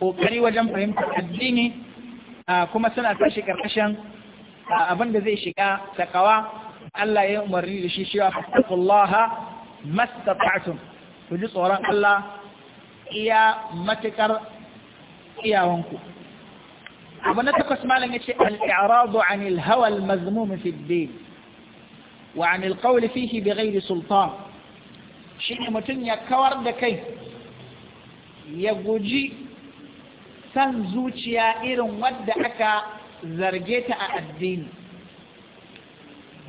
kokari wajen fahimtar addini kuma suna tashi karkashin abinda zai shiga takawa Allah ya umarni da shi cewa fattakullaha mastata'tum ku ji tsoron Allah iya matukar iyawanku abu na takwas malam yace al-i'radu 'anil hawa al-mazmum fi ad-din wa 'anil qawli fihi bighayri sultan shine mutum ya kawar da kai ya guji san zuciya irin wadda aka zarge ta a addini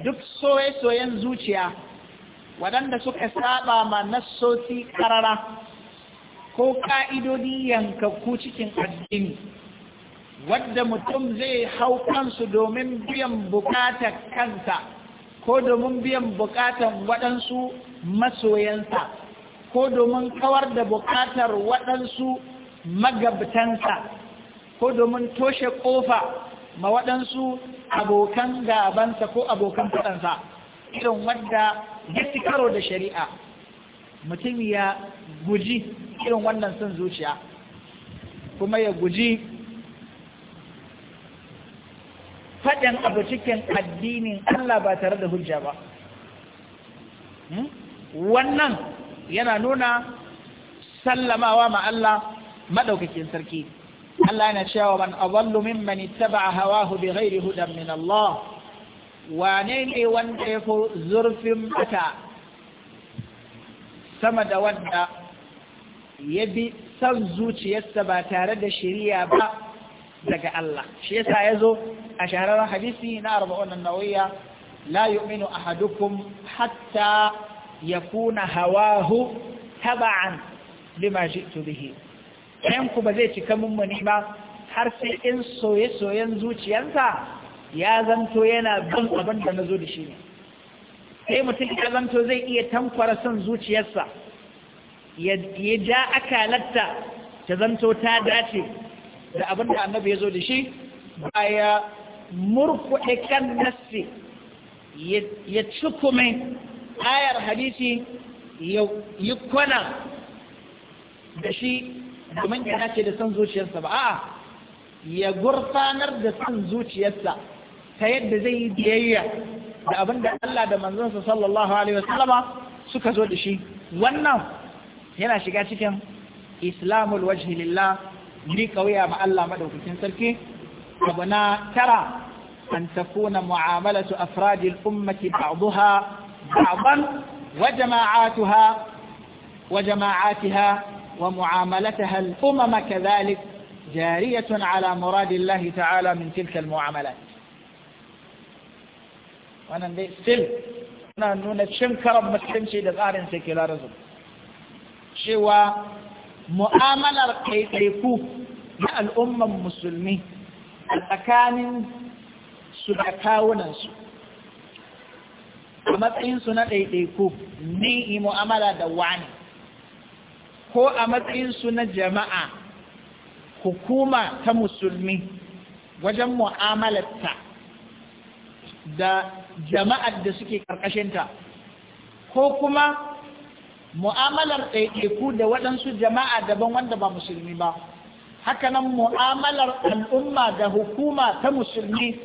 duk soye-soyen zuciya waɗanda suka saba ma nassosi karara ko ƙa'idodi yankakku cikin addini wadda mutum zai hau kansu domin biyan bukatar kansa ko domin biyan bukatar waɗansu masoyansa ko domin kawar da bukatar waɗansu magabtansa ko domin toshe ƙofa ma waɗansu abokan gabansa ko abokan faɗansa irin wadda ya karo da shari'a mutum ya guji irin wannan son zuciya kuma ya guji faɗin abu cikin addinin Allah ba tare da hujja ba hmm? wannan yana nuna sallamawa ma Allah maɗaukakin sarki Allah yana cewa man adallu mimman ittaba'a hawahu bighairi hudan min Allah wane ne wanda ya fi zurfin mata sama da wanda ya bi san zuciyarsa ba tare da shiriya ba daga Allah shi yasa ya zo a shahararren hadisi na arba'un nawawiyya la yu'minu ahadukum hatta yakuna hawahu taba'an lima ji'tu bihi ɗayan ku ba zai cika mani ba har sai in soye-soyen zuciyarsa ya zanto yana bin abin da na zo da shi ne sai mutum ya zanto zai iya tankwara son zuciyarsa ya ja akalatta ta zanto ta dace da abin da annabi ya zo da shi ba ya murkuɗe kan nassi ya ci ayar hadisi ya yi kwana da shi domin ya dace da son zuciyarsa ba ya gurfanar da son zuciyarsa ta yadda zai yi biyayya da abin da Allah da manzansa sallallahu alaihi wasallama suka zo da shi wannan yana shiga cikin islamul wajhi lillah ni kauya ma Allah madaukakin sarki abu na tara an takuna mu'amalatu afradil ummati ba'daha أعظم وجماعاتها وجماعاتها ومعاملتها الأمم كذلك جارية على مراد الله تعالى من تلك المعاملات wannan dai still na nuna cin karan mutunci da tsarin secularism cewa mu'amalar kaikaiku na al'umman musulmi a tsakanin su da kawunansu a matsayinsu na ɗaiɗaiku ni yi mu'amala da wani ko a matsayinsu na jama'a hukuma ta musulmi wajen mu'amalarta da jama'ar da suke ƙarƙashinta ko kuma mu'amalar ɗaiɗaiku da waɗansu jama'a daban wanda ba musulmi ba hakanan mu'amalar al'umma da hukuma ta musulmi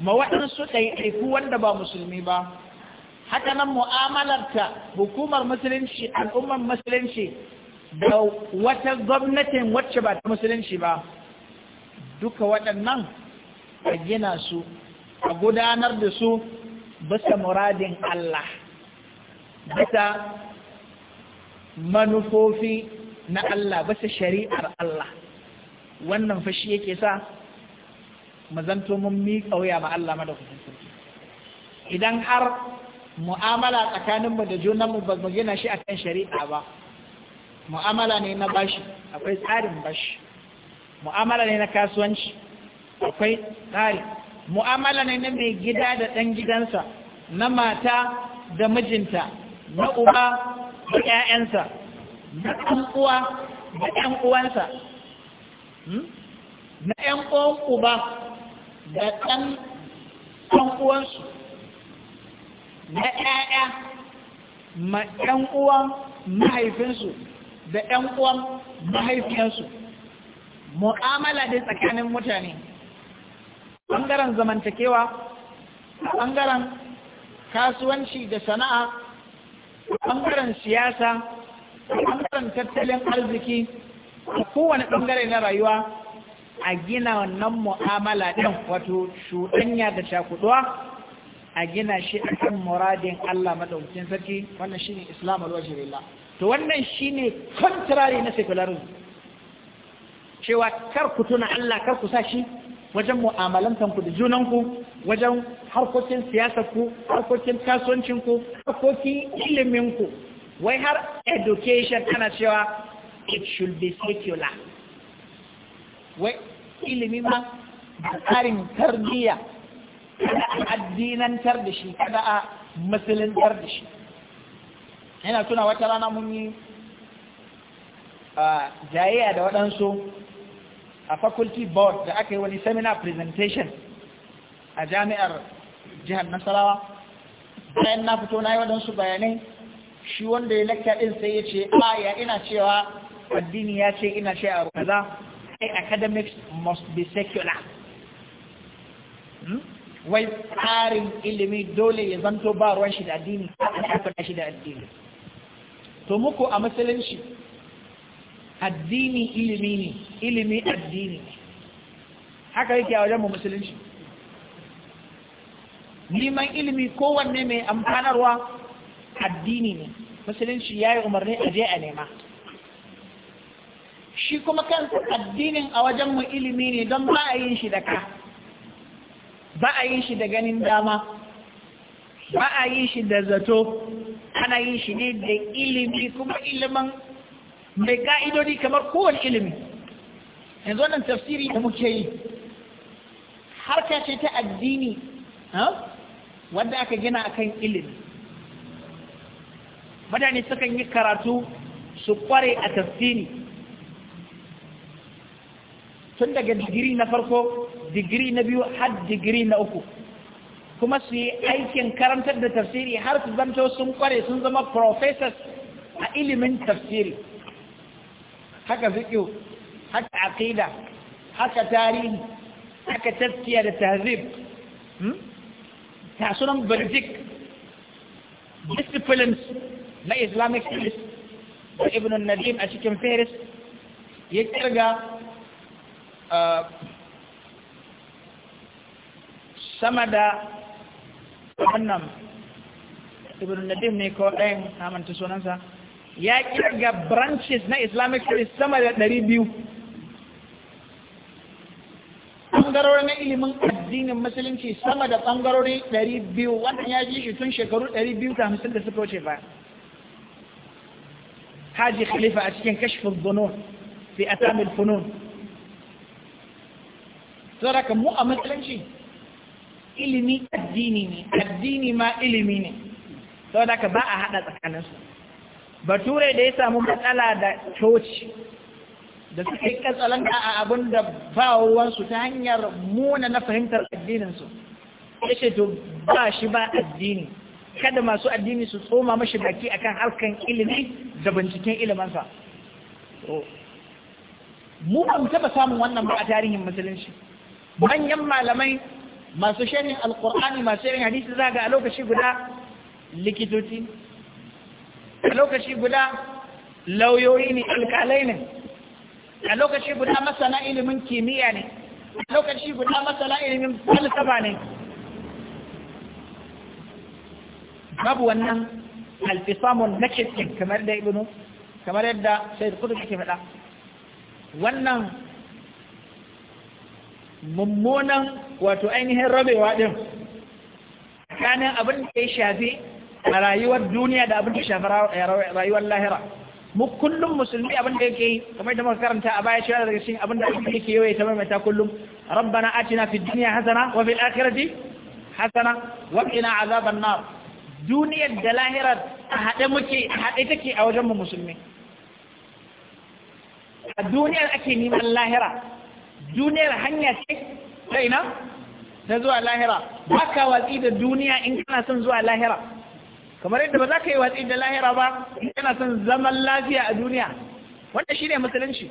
ma waɗansu ɗaiɗaiku wanda ba musulmi ba haka nan mu'amalarta hukumar musulunci al'ummar musulunci da wata gwamnatin wacce ba ta musulunci ba duka waɗannan a gina su a gudanar da su bisa muradin Allah bisa manufofi na Allah bisa shari'ar Allah wannan fashi yake sa mazanto mun miƙa wuya ma Allah madaukakin sarki idan har mu'amala tsakanin mu da junan mu ba mu gina shi akan shari'a ba mu'amala ne na bashi akwai tsarin bashi mu'amala ne na kasuwanci akwai tsari mu'amala ne na mai gida da ɗan gidansa na mata da mijinta na uba da ƴaƴansa na ɗan uwa da ƴan uwansa hmm? na ƴan uwan uba da ɗan uwansu na ƴaƴa ma ƴan uwan mahaifinsu da ƴan uwan mahaifiyarsu mu'amala dai tsakanin mutane ɓangaren zamantakewa ɓangaren kasuwanci da sana'a ɓangaren siyasa ɓangaren tattalin arziki kowane ɓangare na rayuwa a gina wannan mu'amala ɗin wato shuɗanya da shakuɗuwa. a gina shi a kan muradin Allah madaukakin sarki wannan shi ne islam alwajirillah to wannan shi ne contrary na secularism cewa kar ku tuna Allah kar ku sa shi wajen mu'amalantanku da junanku wajen harkokin siyasarku harkokin kasuwancinku harkokin iliminku wai har education ana cewa it should be secular wai ilimi ma tsarin tarbiyya kada a addinantar da shi kada a musuluntar da shi yana tuna wata rana mun yi ah, jayayya da waɗansu a faculty board da aka yi wani seminar presentation a jami'ar jihar nasarawa bayan na fito na yi waɗansu bayanai shi wanda ya lakka ɗin sai ya ce ah, ya ina cewa addini ya ce ina ce a kaza academics must be secular hmm? wai tsarin ilimi dole ya zanto ba ruwan shi da addini an aikata shi da addini to muku a musulunci addini ilimi ne ilimi addini ne haka yake a wajen mu musulunci neman ilimi kowanne mai amfanarwa addini ne musulunci ya yi umarni a je a nema shi kuma kan addinin a wajenmu ilimi ne don ba a yin shi da ka ba a yi shi da ganin dama ba a yi shi da zato ana yi shi ne da ilimi kuma ilimin mai ka'idodi kamar kowane ilimi yanzu wannan tafsiri da muke yi harka ce ta addini wanda aka gina a kan ilimi mutane sukan yi karatu su kware a tafsiri tun daga digiri na farko digiri na biyu har digiri na uku kuma su yi aikin karantar da tafsiri har su zanto sun kware sun zama professors a ilimin tafsiri haka fiƙo haka aqida haka tarihi haka taskiya da tahzib tasunan hmm? birjik disciplines na islamic studies da ibn nadim a cikin ferris ya kirga sama da wannan ibn nadim ne ko ɗayan namanta sunansa ya kirga branches na islamic studies sama da ɗari biyu ɓangarorin na ilimin addinin musulunci sama da ɓangarori ɗari biyu wannan ya ji shi tun shekaru ɗari biyu ta hamsin da suka wuce ba haji khalifa a cikin kashfin gunun fi atamil funun saboda mu a musulunci ilimi addini ne addini ma ilimi ne saboda ka ba a haɗa tsakaninsu bature da ya samu matsala da coci da suka yi katsalanka a abin da ba ruwansu ta hanyar muna na fahimtar addininsu ya ce to ba shi ba addini kada masu addini su tsoma mashi baki akan harkan ilimi da binciken ilimansa mu ba mu taɓa samun wannan ba a tarihin musulunci manyan malamai masu shirin alkur'ani masu shirin hadisi za ga a lokaci guda likitoci a lokaci guda lauyoyi ne alkalai ne a lokaci guda masana ilimin kimiyya ne a lokaci guda masana ilimin falsafa ne babu wannan alfisamun na kirkin kamar da ibinu kamar yadda sai da kudu kake faɗa wannan mummunan wato ainihin rabewa ɗin tsakanin abin da ya shafi a rayuwar duniya da abin da shafi eh, rayuwar lahira mu kullum musulmi abin da yake yi kamar da muka karanta a baya cewa daga cikin abin da yake yawai ta maimaita kullum rabbana atina fid dunya hasana wa fil akhirati hasana wa qina azaban nar duniya da lahirar a haɗe muke haɗe take a wajen mu musulmi a duniyar ake neman lahira duniyar hanya ce daina ta zuwa lahira ba ka watsi da duniya in kana son zuwa lahira kamar yadda ba za ka yi watsi da lahira ba in kana son zaman lafiya a duniya wanda shi ne musulunci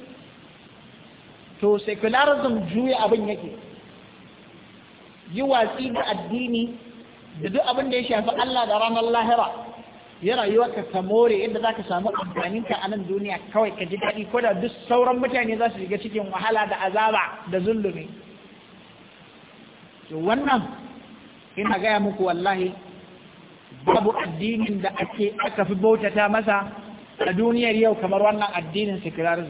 to secularism juya abin yake yi watsi da addini da duk abin da ya shafi Allah da ranar lahira ya rayuwa ka ka more inda za ka samu amfanin ka a nan duniya kawai ka ji daɗi ko da duk sauran mutane za su shiga cikin wahala da azaba da zulumi to wannan ina gaya muku wallahi babu addinin da ake aka fi bautata masa a duniyar yau kamar wannan addinin secularism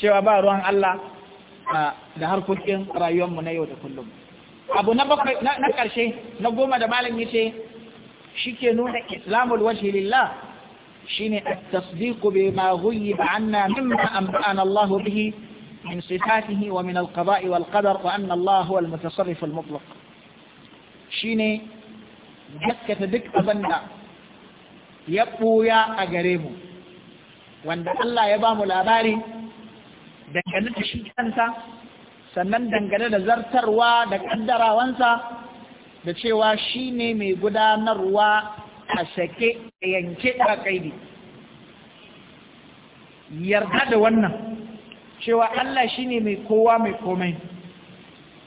cewa ba ruwan Allah da harkokin rayuwarmu na yau da kullum abu na bakwai na ƙarshe na goma da malami yace shi ke nuna islamul wajhi lillah shine at-tasdiq bima ghuyib anna mimma anba'ana Allah bihi min sifatihi wa min al wal qadar wa anna Allah huwa al-mutasarrif al-mutlaq shine gaskata duk abinda ya buya a gare mu wanda Allah ya ba mu labari dangane da shi kansa sannan dangane da zartarwa da ƙaddarawansa da cewa shi ne mai gudanarwa a sake yanke da kaidi yarda da wannan cewa Allah shi ne mai kowa mai komai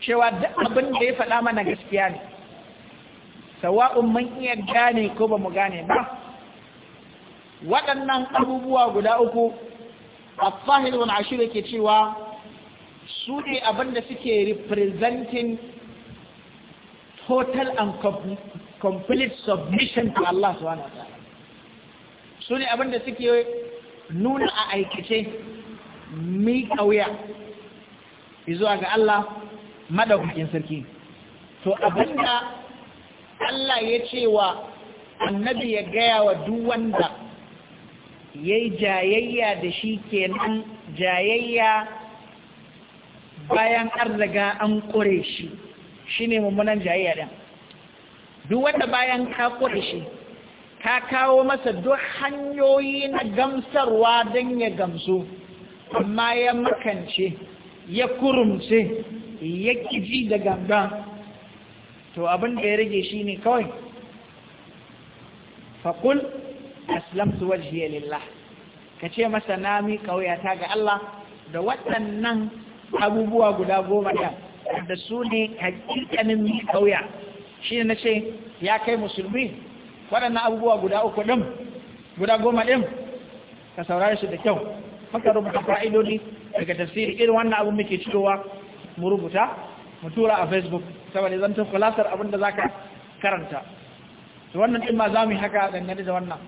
cewa duk abin da ya faɗa mana gaskiya ne sawa'un mun iya gane ko ba mu gane ba waɗannan abubuwa guda uku a fahimtar ashir ke cewa su ne abinda suke representing total and complete submission to Allah subhanahu wa ta'ala su ne abinda suke nuna a aikace mi kauya zuwa ga Allah madaukakin sarki to abinda Allah ya ce wa annabi ya gaya wa duwanda ya yi jayayya da shi kenan jayayya bayan an riga an ƙure shi ne mummunan jayayya din duk wanda bayan ka da shi ka kawo masa duk hanyoyi na gamsarwa don ya gamsu amma ya makance ya kurumce ya kiji da ganga to abin da ya rage shi ne kawai faƙul aslamtu wajhiya lillah ka ce masa na miƙa ta ga Allah da waɗannan abubuwa guda goma ɗan da su ne hakikanin mi kauya shi ne na ce ya kai musulmi waɗannan abubuwa guda uku ɗin guda goma ɗin ka saurari su da kyau maka rubuta fa'idodi daga tasiri irin wannan abin muke cikowa mu rubuta mu tura a facebook saboda zan ta kulasar abin da zaka karanta to wannan din ma zamu haka dangane da wannan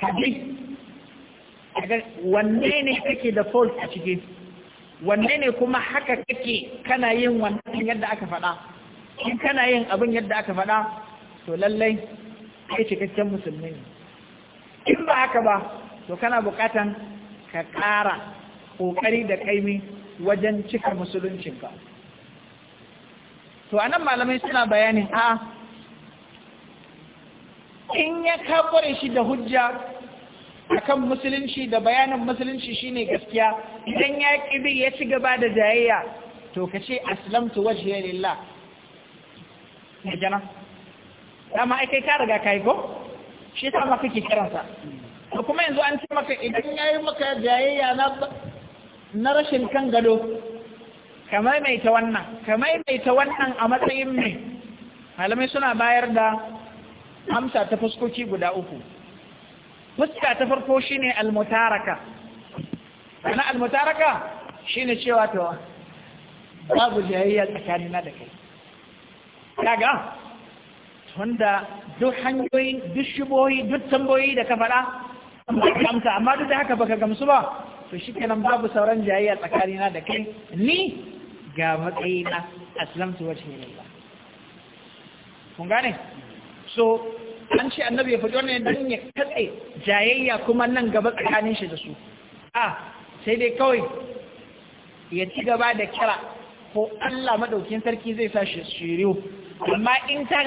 hadith wanne ne kake da fault a cikin wanne ne kuma haka kake kana yin wannan yadda aka faɗa in kana yin abin yadda aka faɗa to lallai kai cikakken musulmi ne in ba haka ba to kana buƙatan ka ƙara ƙoƙari da ƙaimi wajen cika musuluncinka to a nan malamai suna bayanin a in ya kafare shi da hujja akan musulunci da bayanin musulunci shine gaskiya idan ya kibi ya ci gaba da jayayya to ka ce aslamtu wajhiya lillah ne jana dama ai kai ka riga kai ko shi ta ma kake kiransa to kuma yanzu an ce maka idan yayi maka jayayya na na rashin kan gado ka maimaita wannan mai ta wannan a matsayin mai malamai suna bayar da amsa ta fuskoki guda uku fuska ta farko shine almutaraka ana almutaraka shine cewa to babu jayayya tsakanin na da kai kaga wanda duk hanyoyi duk shubohi duk tamboyi da ka faɗa gamsa amma duk da haka baka gamsu ba to shikenan babu sauran jayayya tsakanina da kai ni ga matsayina aslamtu wajhi ba, kun gane so an ce annabi ya faɗi ne don ya katse jayayya kuma nan gaba tsakanin shi da su a sai dai kawai ya ci gaba da kira ko Allah madaukin sarki zai sa shi shiriyo amma in ta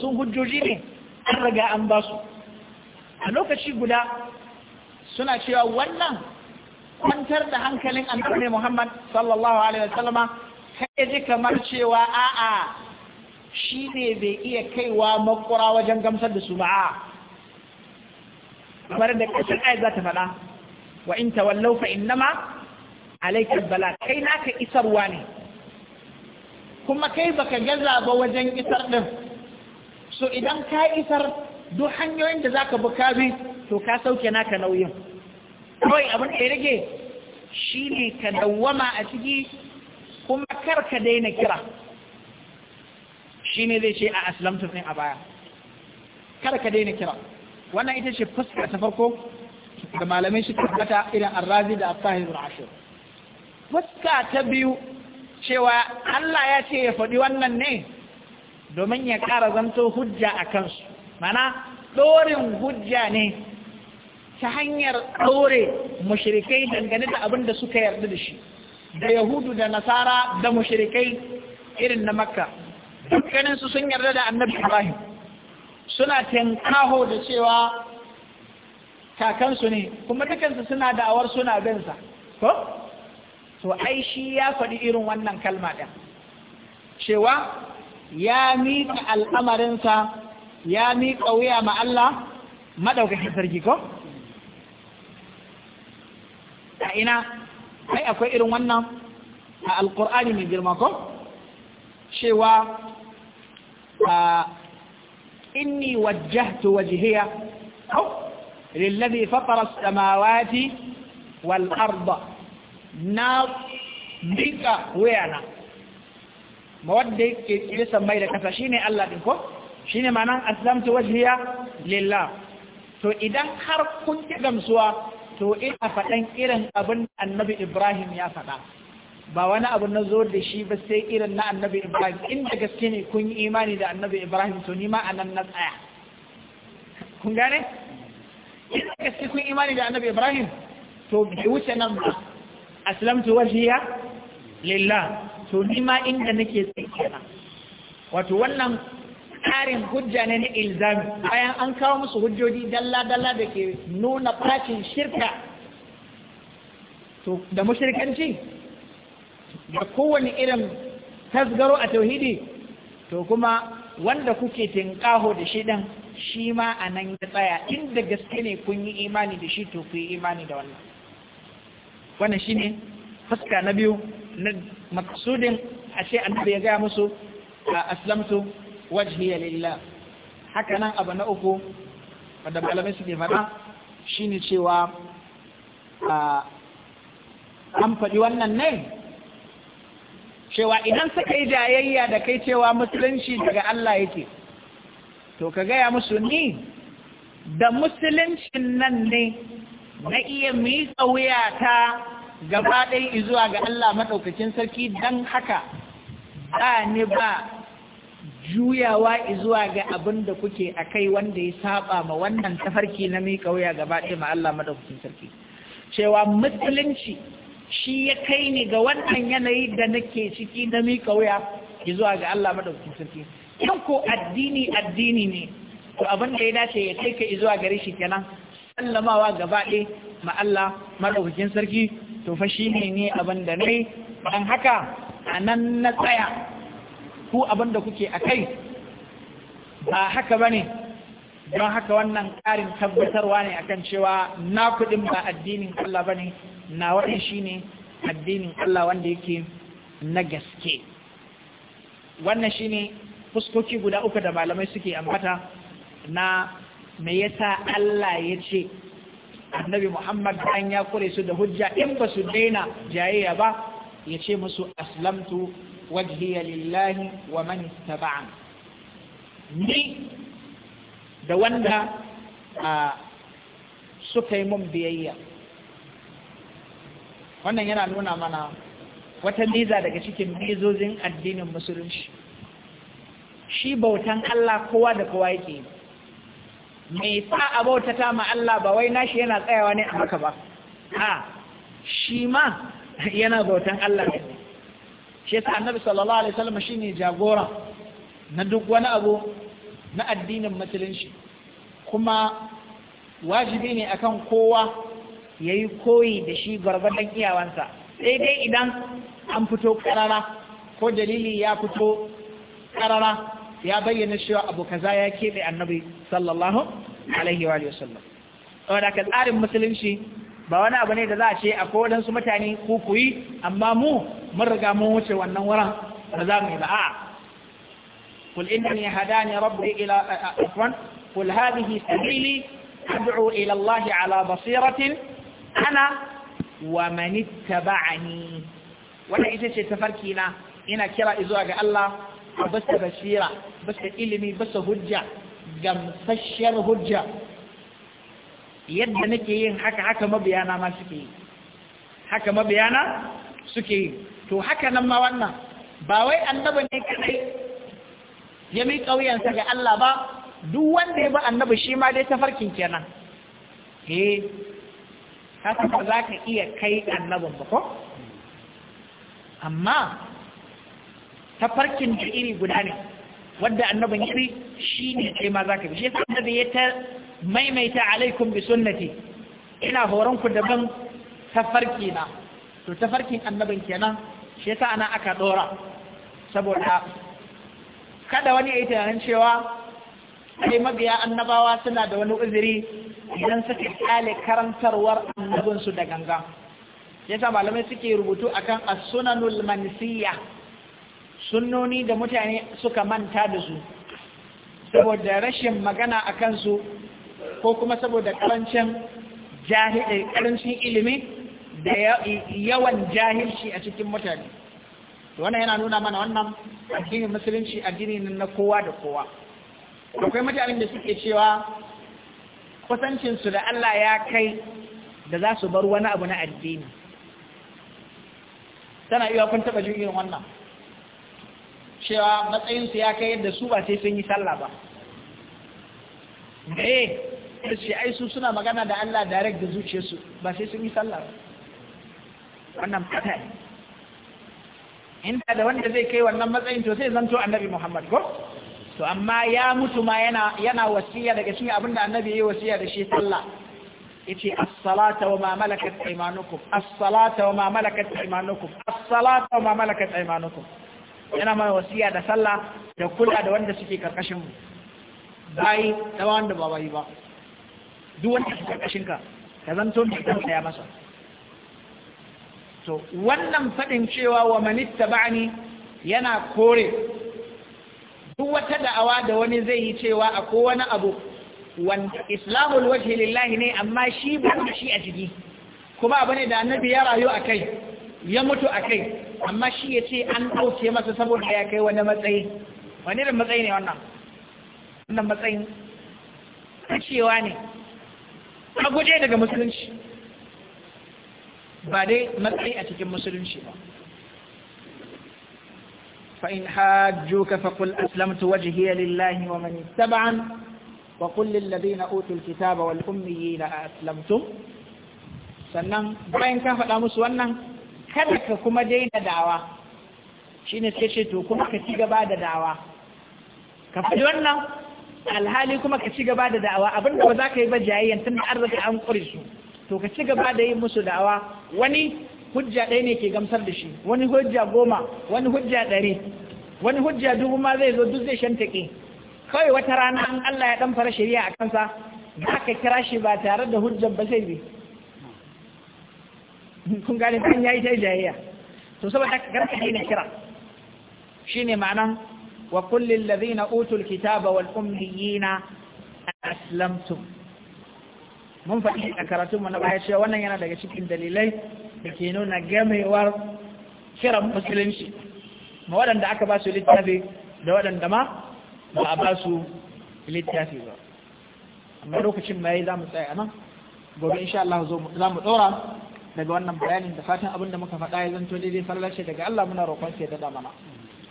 sun hujjoji ne an riga an ba su a lokaci guda suna cewa wannan kwantar da hankalin annabi Muhammad sallallahu alaihi wasallama kai ji kamar cewa a'a shi ne bai iya kaiwa makura wajen gamsar da su ba kamar da ƙasar ayat za ta faɗa wa in tawallau fa innama alaikar bala kai naka isarwa ne kuma kai baka gaza ba wajen isar ɗin so idan ka isar duk hanyoyin da za ka buka bi to ka sauke naka nauyin kawai abin da ya rage shi ne ka dawwama a ciki kuma kar ka daina kira shi ne zai ce a aslamtu sai a baya kada ka daina kira wannan ita ce fuska ta farko da malamai shi tabbata irin arrazi da asahi zuwa ashe. fuska ta biyu cewa Allah ya ce ya faɗi wannan ne domin ya ƙara zanto hujja a kansu mana ɗorin hujja ne ta hanyar ɗore mushrikai dangane da abin da suka yarda da shi da yahudu da nasara da mushrikai irin na makka dukkanin su sun yarda da annabi Ibrahim suna tankaho da cewa kakansu ne kuma dukansu suna da'awar suna binsa ko to ai shi ya faɗi irin wannan kalma ɗin cewa ya miƙa al'amarinsa ya miƙa wuya ma Allah maɗaukakin sarki ko a ina ai akwai irin wannan a alƙur'ani mai girma ko cewa إني وجهت وجهي للذي فطر السماوات والأرض نار بك ويانا mawadda yake kirisan mai da kasa shine Allah din ko shine ma'anan aslamtu wajhiya lillah to idan har kun ki gamsuwa to ina faɗan irin abin annabi Ibrahim ya faɗa ba wani abu na zo da shi ba sai irin na annabi ibrahim inda gaske ne kun yi imani da annabi ibrahim to ni ma a nan na tsaya kun gane inda gaske kun imani da annabi ibrahim to bai wuce nan ba aslamtu wajiya lillah to ni ma inda nake tsaye wato wannan ƙarin hujja ne na ilzami bayan an kawo musu hujjoji dalla-dalla da ke nuna fashin shirka to da mushirkanci da kowane irin tasgaro a tauhidi to kuma wanda kuke tinkaho da shi ɗin shi ma a nan ya tsaya inda gaske ne kun yi imani da shi to ku yi imani da wannan wannan shi ne fuska na biyu na maksudin a ce annabi ya gaya musu a aslamtu wajhiya lillah haka nan abu na uku wadda malamai suke faɗa shine cewa an faɗi wannan ne cewa idan suka yi jayayya da kai cewa musulunci daga Allah yake to ka gaya musu ni da musuluncin nan ne na iya wuya wuyata gaba ɗaya zuwa ga Allah maɗaukacin sarki don haka ba ni ba juyawa zuwa ga abin da kuke a kai wanda ya saba ma wannan tafarki na mika wuya gaba ɗaya ma Allah maɗaukacin sarki cewa musulunci shi ya kai ni ga wannan yanayi da nake ciki na mika wuya zuwa ga Allah madaukakin sarki in ko addini addini ne to abin da ya dace ya kai ka zuwa gare shi kenan sallamawa gaba ɗaya ma Allah madaukakin sarki to fa shi ne ne abin da nai dan haka a na tsaya ku abin da kuke a kai ba haka bane don haka wannan ƙarin tabbatarwa ne akan cewa na kuɗin ba addinin Allah ba ne na waɗin shi ne addinin Allah wanda yake na gaske wannan shi ne fuskoki guda uku da malamai suke ambata na me yasa Allah ya ce annabi Muhammad an ya kure su da hujja in ba su daina jayayya ba ya ce musu aslamtu wajhiya lillahi wa man taba'an ni da wanda suka yi mun biyayya wannan yana nuna mana wata niza daga cikin bizozin addinin musulunci shi bautan Allah kowa da kowa yake mai sa a bautata ma Allah ba wai nashi yana tsayawa ne a haka ba a shi ma yana bautan Allah ne shi yasa annabi sallallahu alaihi wasallam shine jagora na duk wani abu na addinin musulunci kuma wajibi ne akan kowa ya yi koyi da shi gwargwadon iyawansa sai dai idan an fito karara ko dalili ya fito karara ya bayyana cewa abu kaza ya keɓe annabi sallallahu alaihi wa sallam saboda ka tsarin musulunci ba wani abu ne da za a ce a kowadansu mutane ku yi amma mu mun riga mun wuce wannan wurin ba za mu yi ba a'a قل إنني هداني ربي إلى عفوا قل هذه سبيلي أدعو إلى الله على بصيرة أنا ومن اتبعني ولا إذا تفركينا إنا كرا إزواج الله بس بشيرة بس إلمي بس هجة gamsasshiyar hujja yadda nake yin haka haka mabiyana ma suke yi haka mabiyana suke yi to haka nan ma wannan ba wai annaba ne kadai ya mi ƙauyensa ga Allah ba duk wanda ya ba annabi shi ma dai tafarkin kenan eh haka za ka iya kai annabin ba ko amma tafarkin da iri guda ne wadda annabin iri shi ne kai ma za ka bi shi yasa annabi ya ta maimaita alaikum bi sunnati ina horon ku daban tafarki na to tafarkin annabin kenan shi sa ana aka ɗora saboda kada wani ya yi tunanin cewa ai mabiya annabawa suna da wani uziri idan suka kyale karantarwar annabinsu da ganga ya sa malamai suke rubutu akan as-sunanul mansiya sunoni da mutane suka manta da su saboda rashin magana a kansu ko kuma saboda karancin ilimi da yawan jahilci a cikin mutane wannan yana nuna mana wannan addinin musulunci addini ne na kowa da kowa akwai mutanen da suke cewa kusancinsu da Allah ya kai da za su bar wani abu na addini tana iya kun taɓa jin irin wannan cewa matsayinsu ya kai yadda su ba sai sun yi sallah ba eh shi ai su suna magana da Allah direct da zuciyarsu ba sai sun yi sallah ba wannan fata ne inda da wanda zai kai wannan matsayin to sai zanto annabi Muhammad ko to amma ya mutu ma yana yana wasiya daga cikin abin da annabi yayi wasiya da shi sallah yace as-salata wa ma malakat aymanukum as-salata wa ma malakat aymanukum as-salata wa ma malakat aymanukum yana mai wasiya da sallah da kula da wanda suke karkashin mu bai da wanda ba bai ba duk wanda suke karkashin ka ka zanto mai tsaya masa to wannan faɗin cewa wa manitta ba'ani yana kore duk wata da'awa da wani zai yi cewa a wani abu wanda islamul wajhi lillahi ne amma shi bukun shi a jiki kuma abu ne da annabi ya rayu a kai ya mutu a kai amma shi ya ce an ɗauke masa saboda ya kai wani matsayi wani irin matsayi ne wannan wannan matsayin cewa ne a guje daga musulunci ba dai matsayi a cikin musulunci ba فإن حاجوك فقل أسلمت وجهي لله ومن اتبعن وقل للذين أوتوا الكتاب والأميين أسلمتم sannan bayan ka faɗa musu wannan kada ka kuma daina dawa shi ne suke ce to kuma ka ci gaba da dawa ka faɗi wannan alhali kuma ka ci gaba da dawa abinda ba za ka yi ba jayayyan tun da arziki an ƙuri su to ka ci gaba da yin musu da'awa wani hujja ɗaya ne ke gamsar da shi wani hujja goma wani hujja ɗari wani hujja dubu ma zai zo duk zai shantake kawai wata rana an Allah ya ɗan fara shari'a a kansa za ka kira shi ba tare da hujjan ba zai bi <laughs> kun gane kan yayi ta jayayya to saboda garka ne kira shine ma'anan wa kullin ladina utul kitaba wal ummiyina aslamtum mun faɗi a karatunmu na baya cewa wannan yana daga cikin dalilai da ke nuna gamewar kiran musulunci ma waɗanda aka ba su littafi da waɗanda ma ba a ba su littafi ba amma lokacin ma za mu tsaya nan gobe insha Allah za mu ɗora daga wannan bayanin da fatan abinda muka faɗa ya zanto daidai sallace daga Allah muna roƙon sai da mana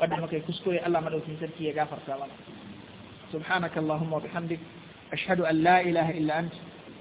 wanda muka yi kuskure Allah madaukakin sarki ya gafarta mana subhanakallahumma wa bihamdik ashhadu an la ilaha illa anta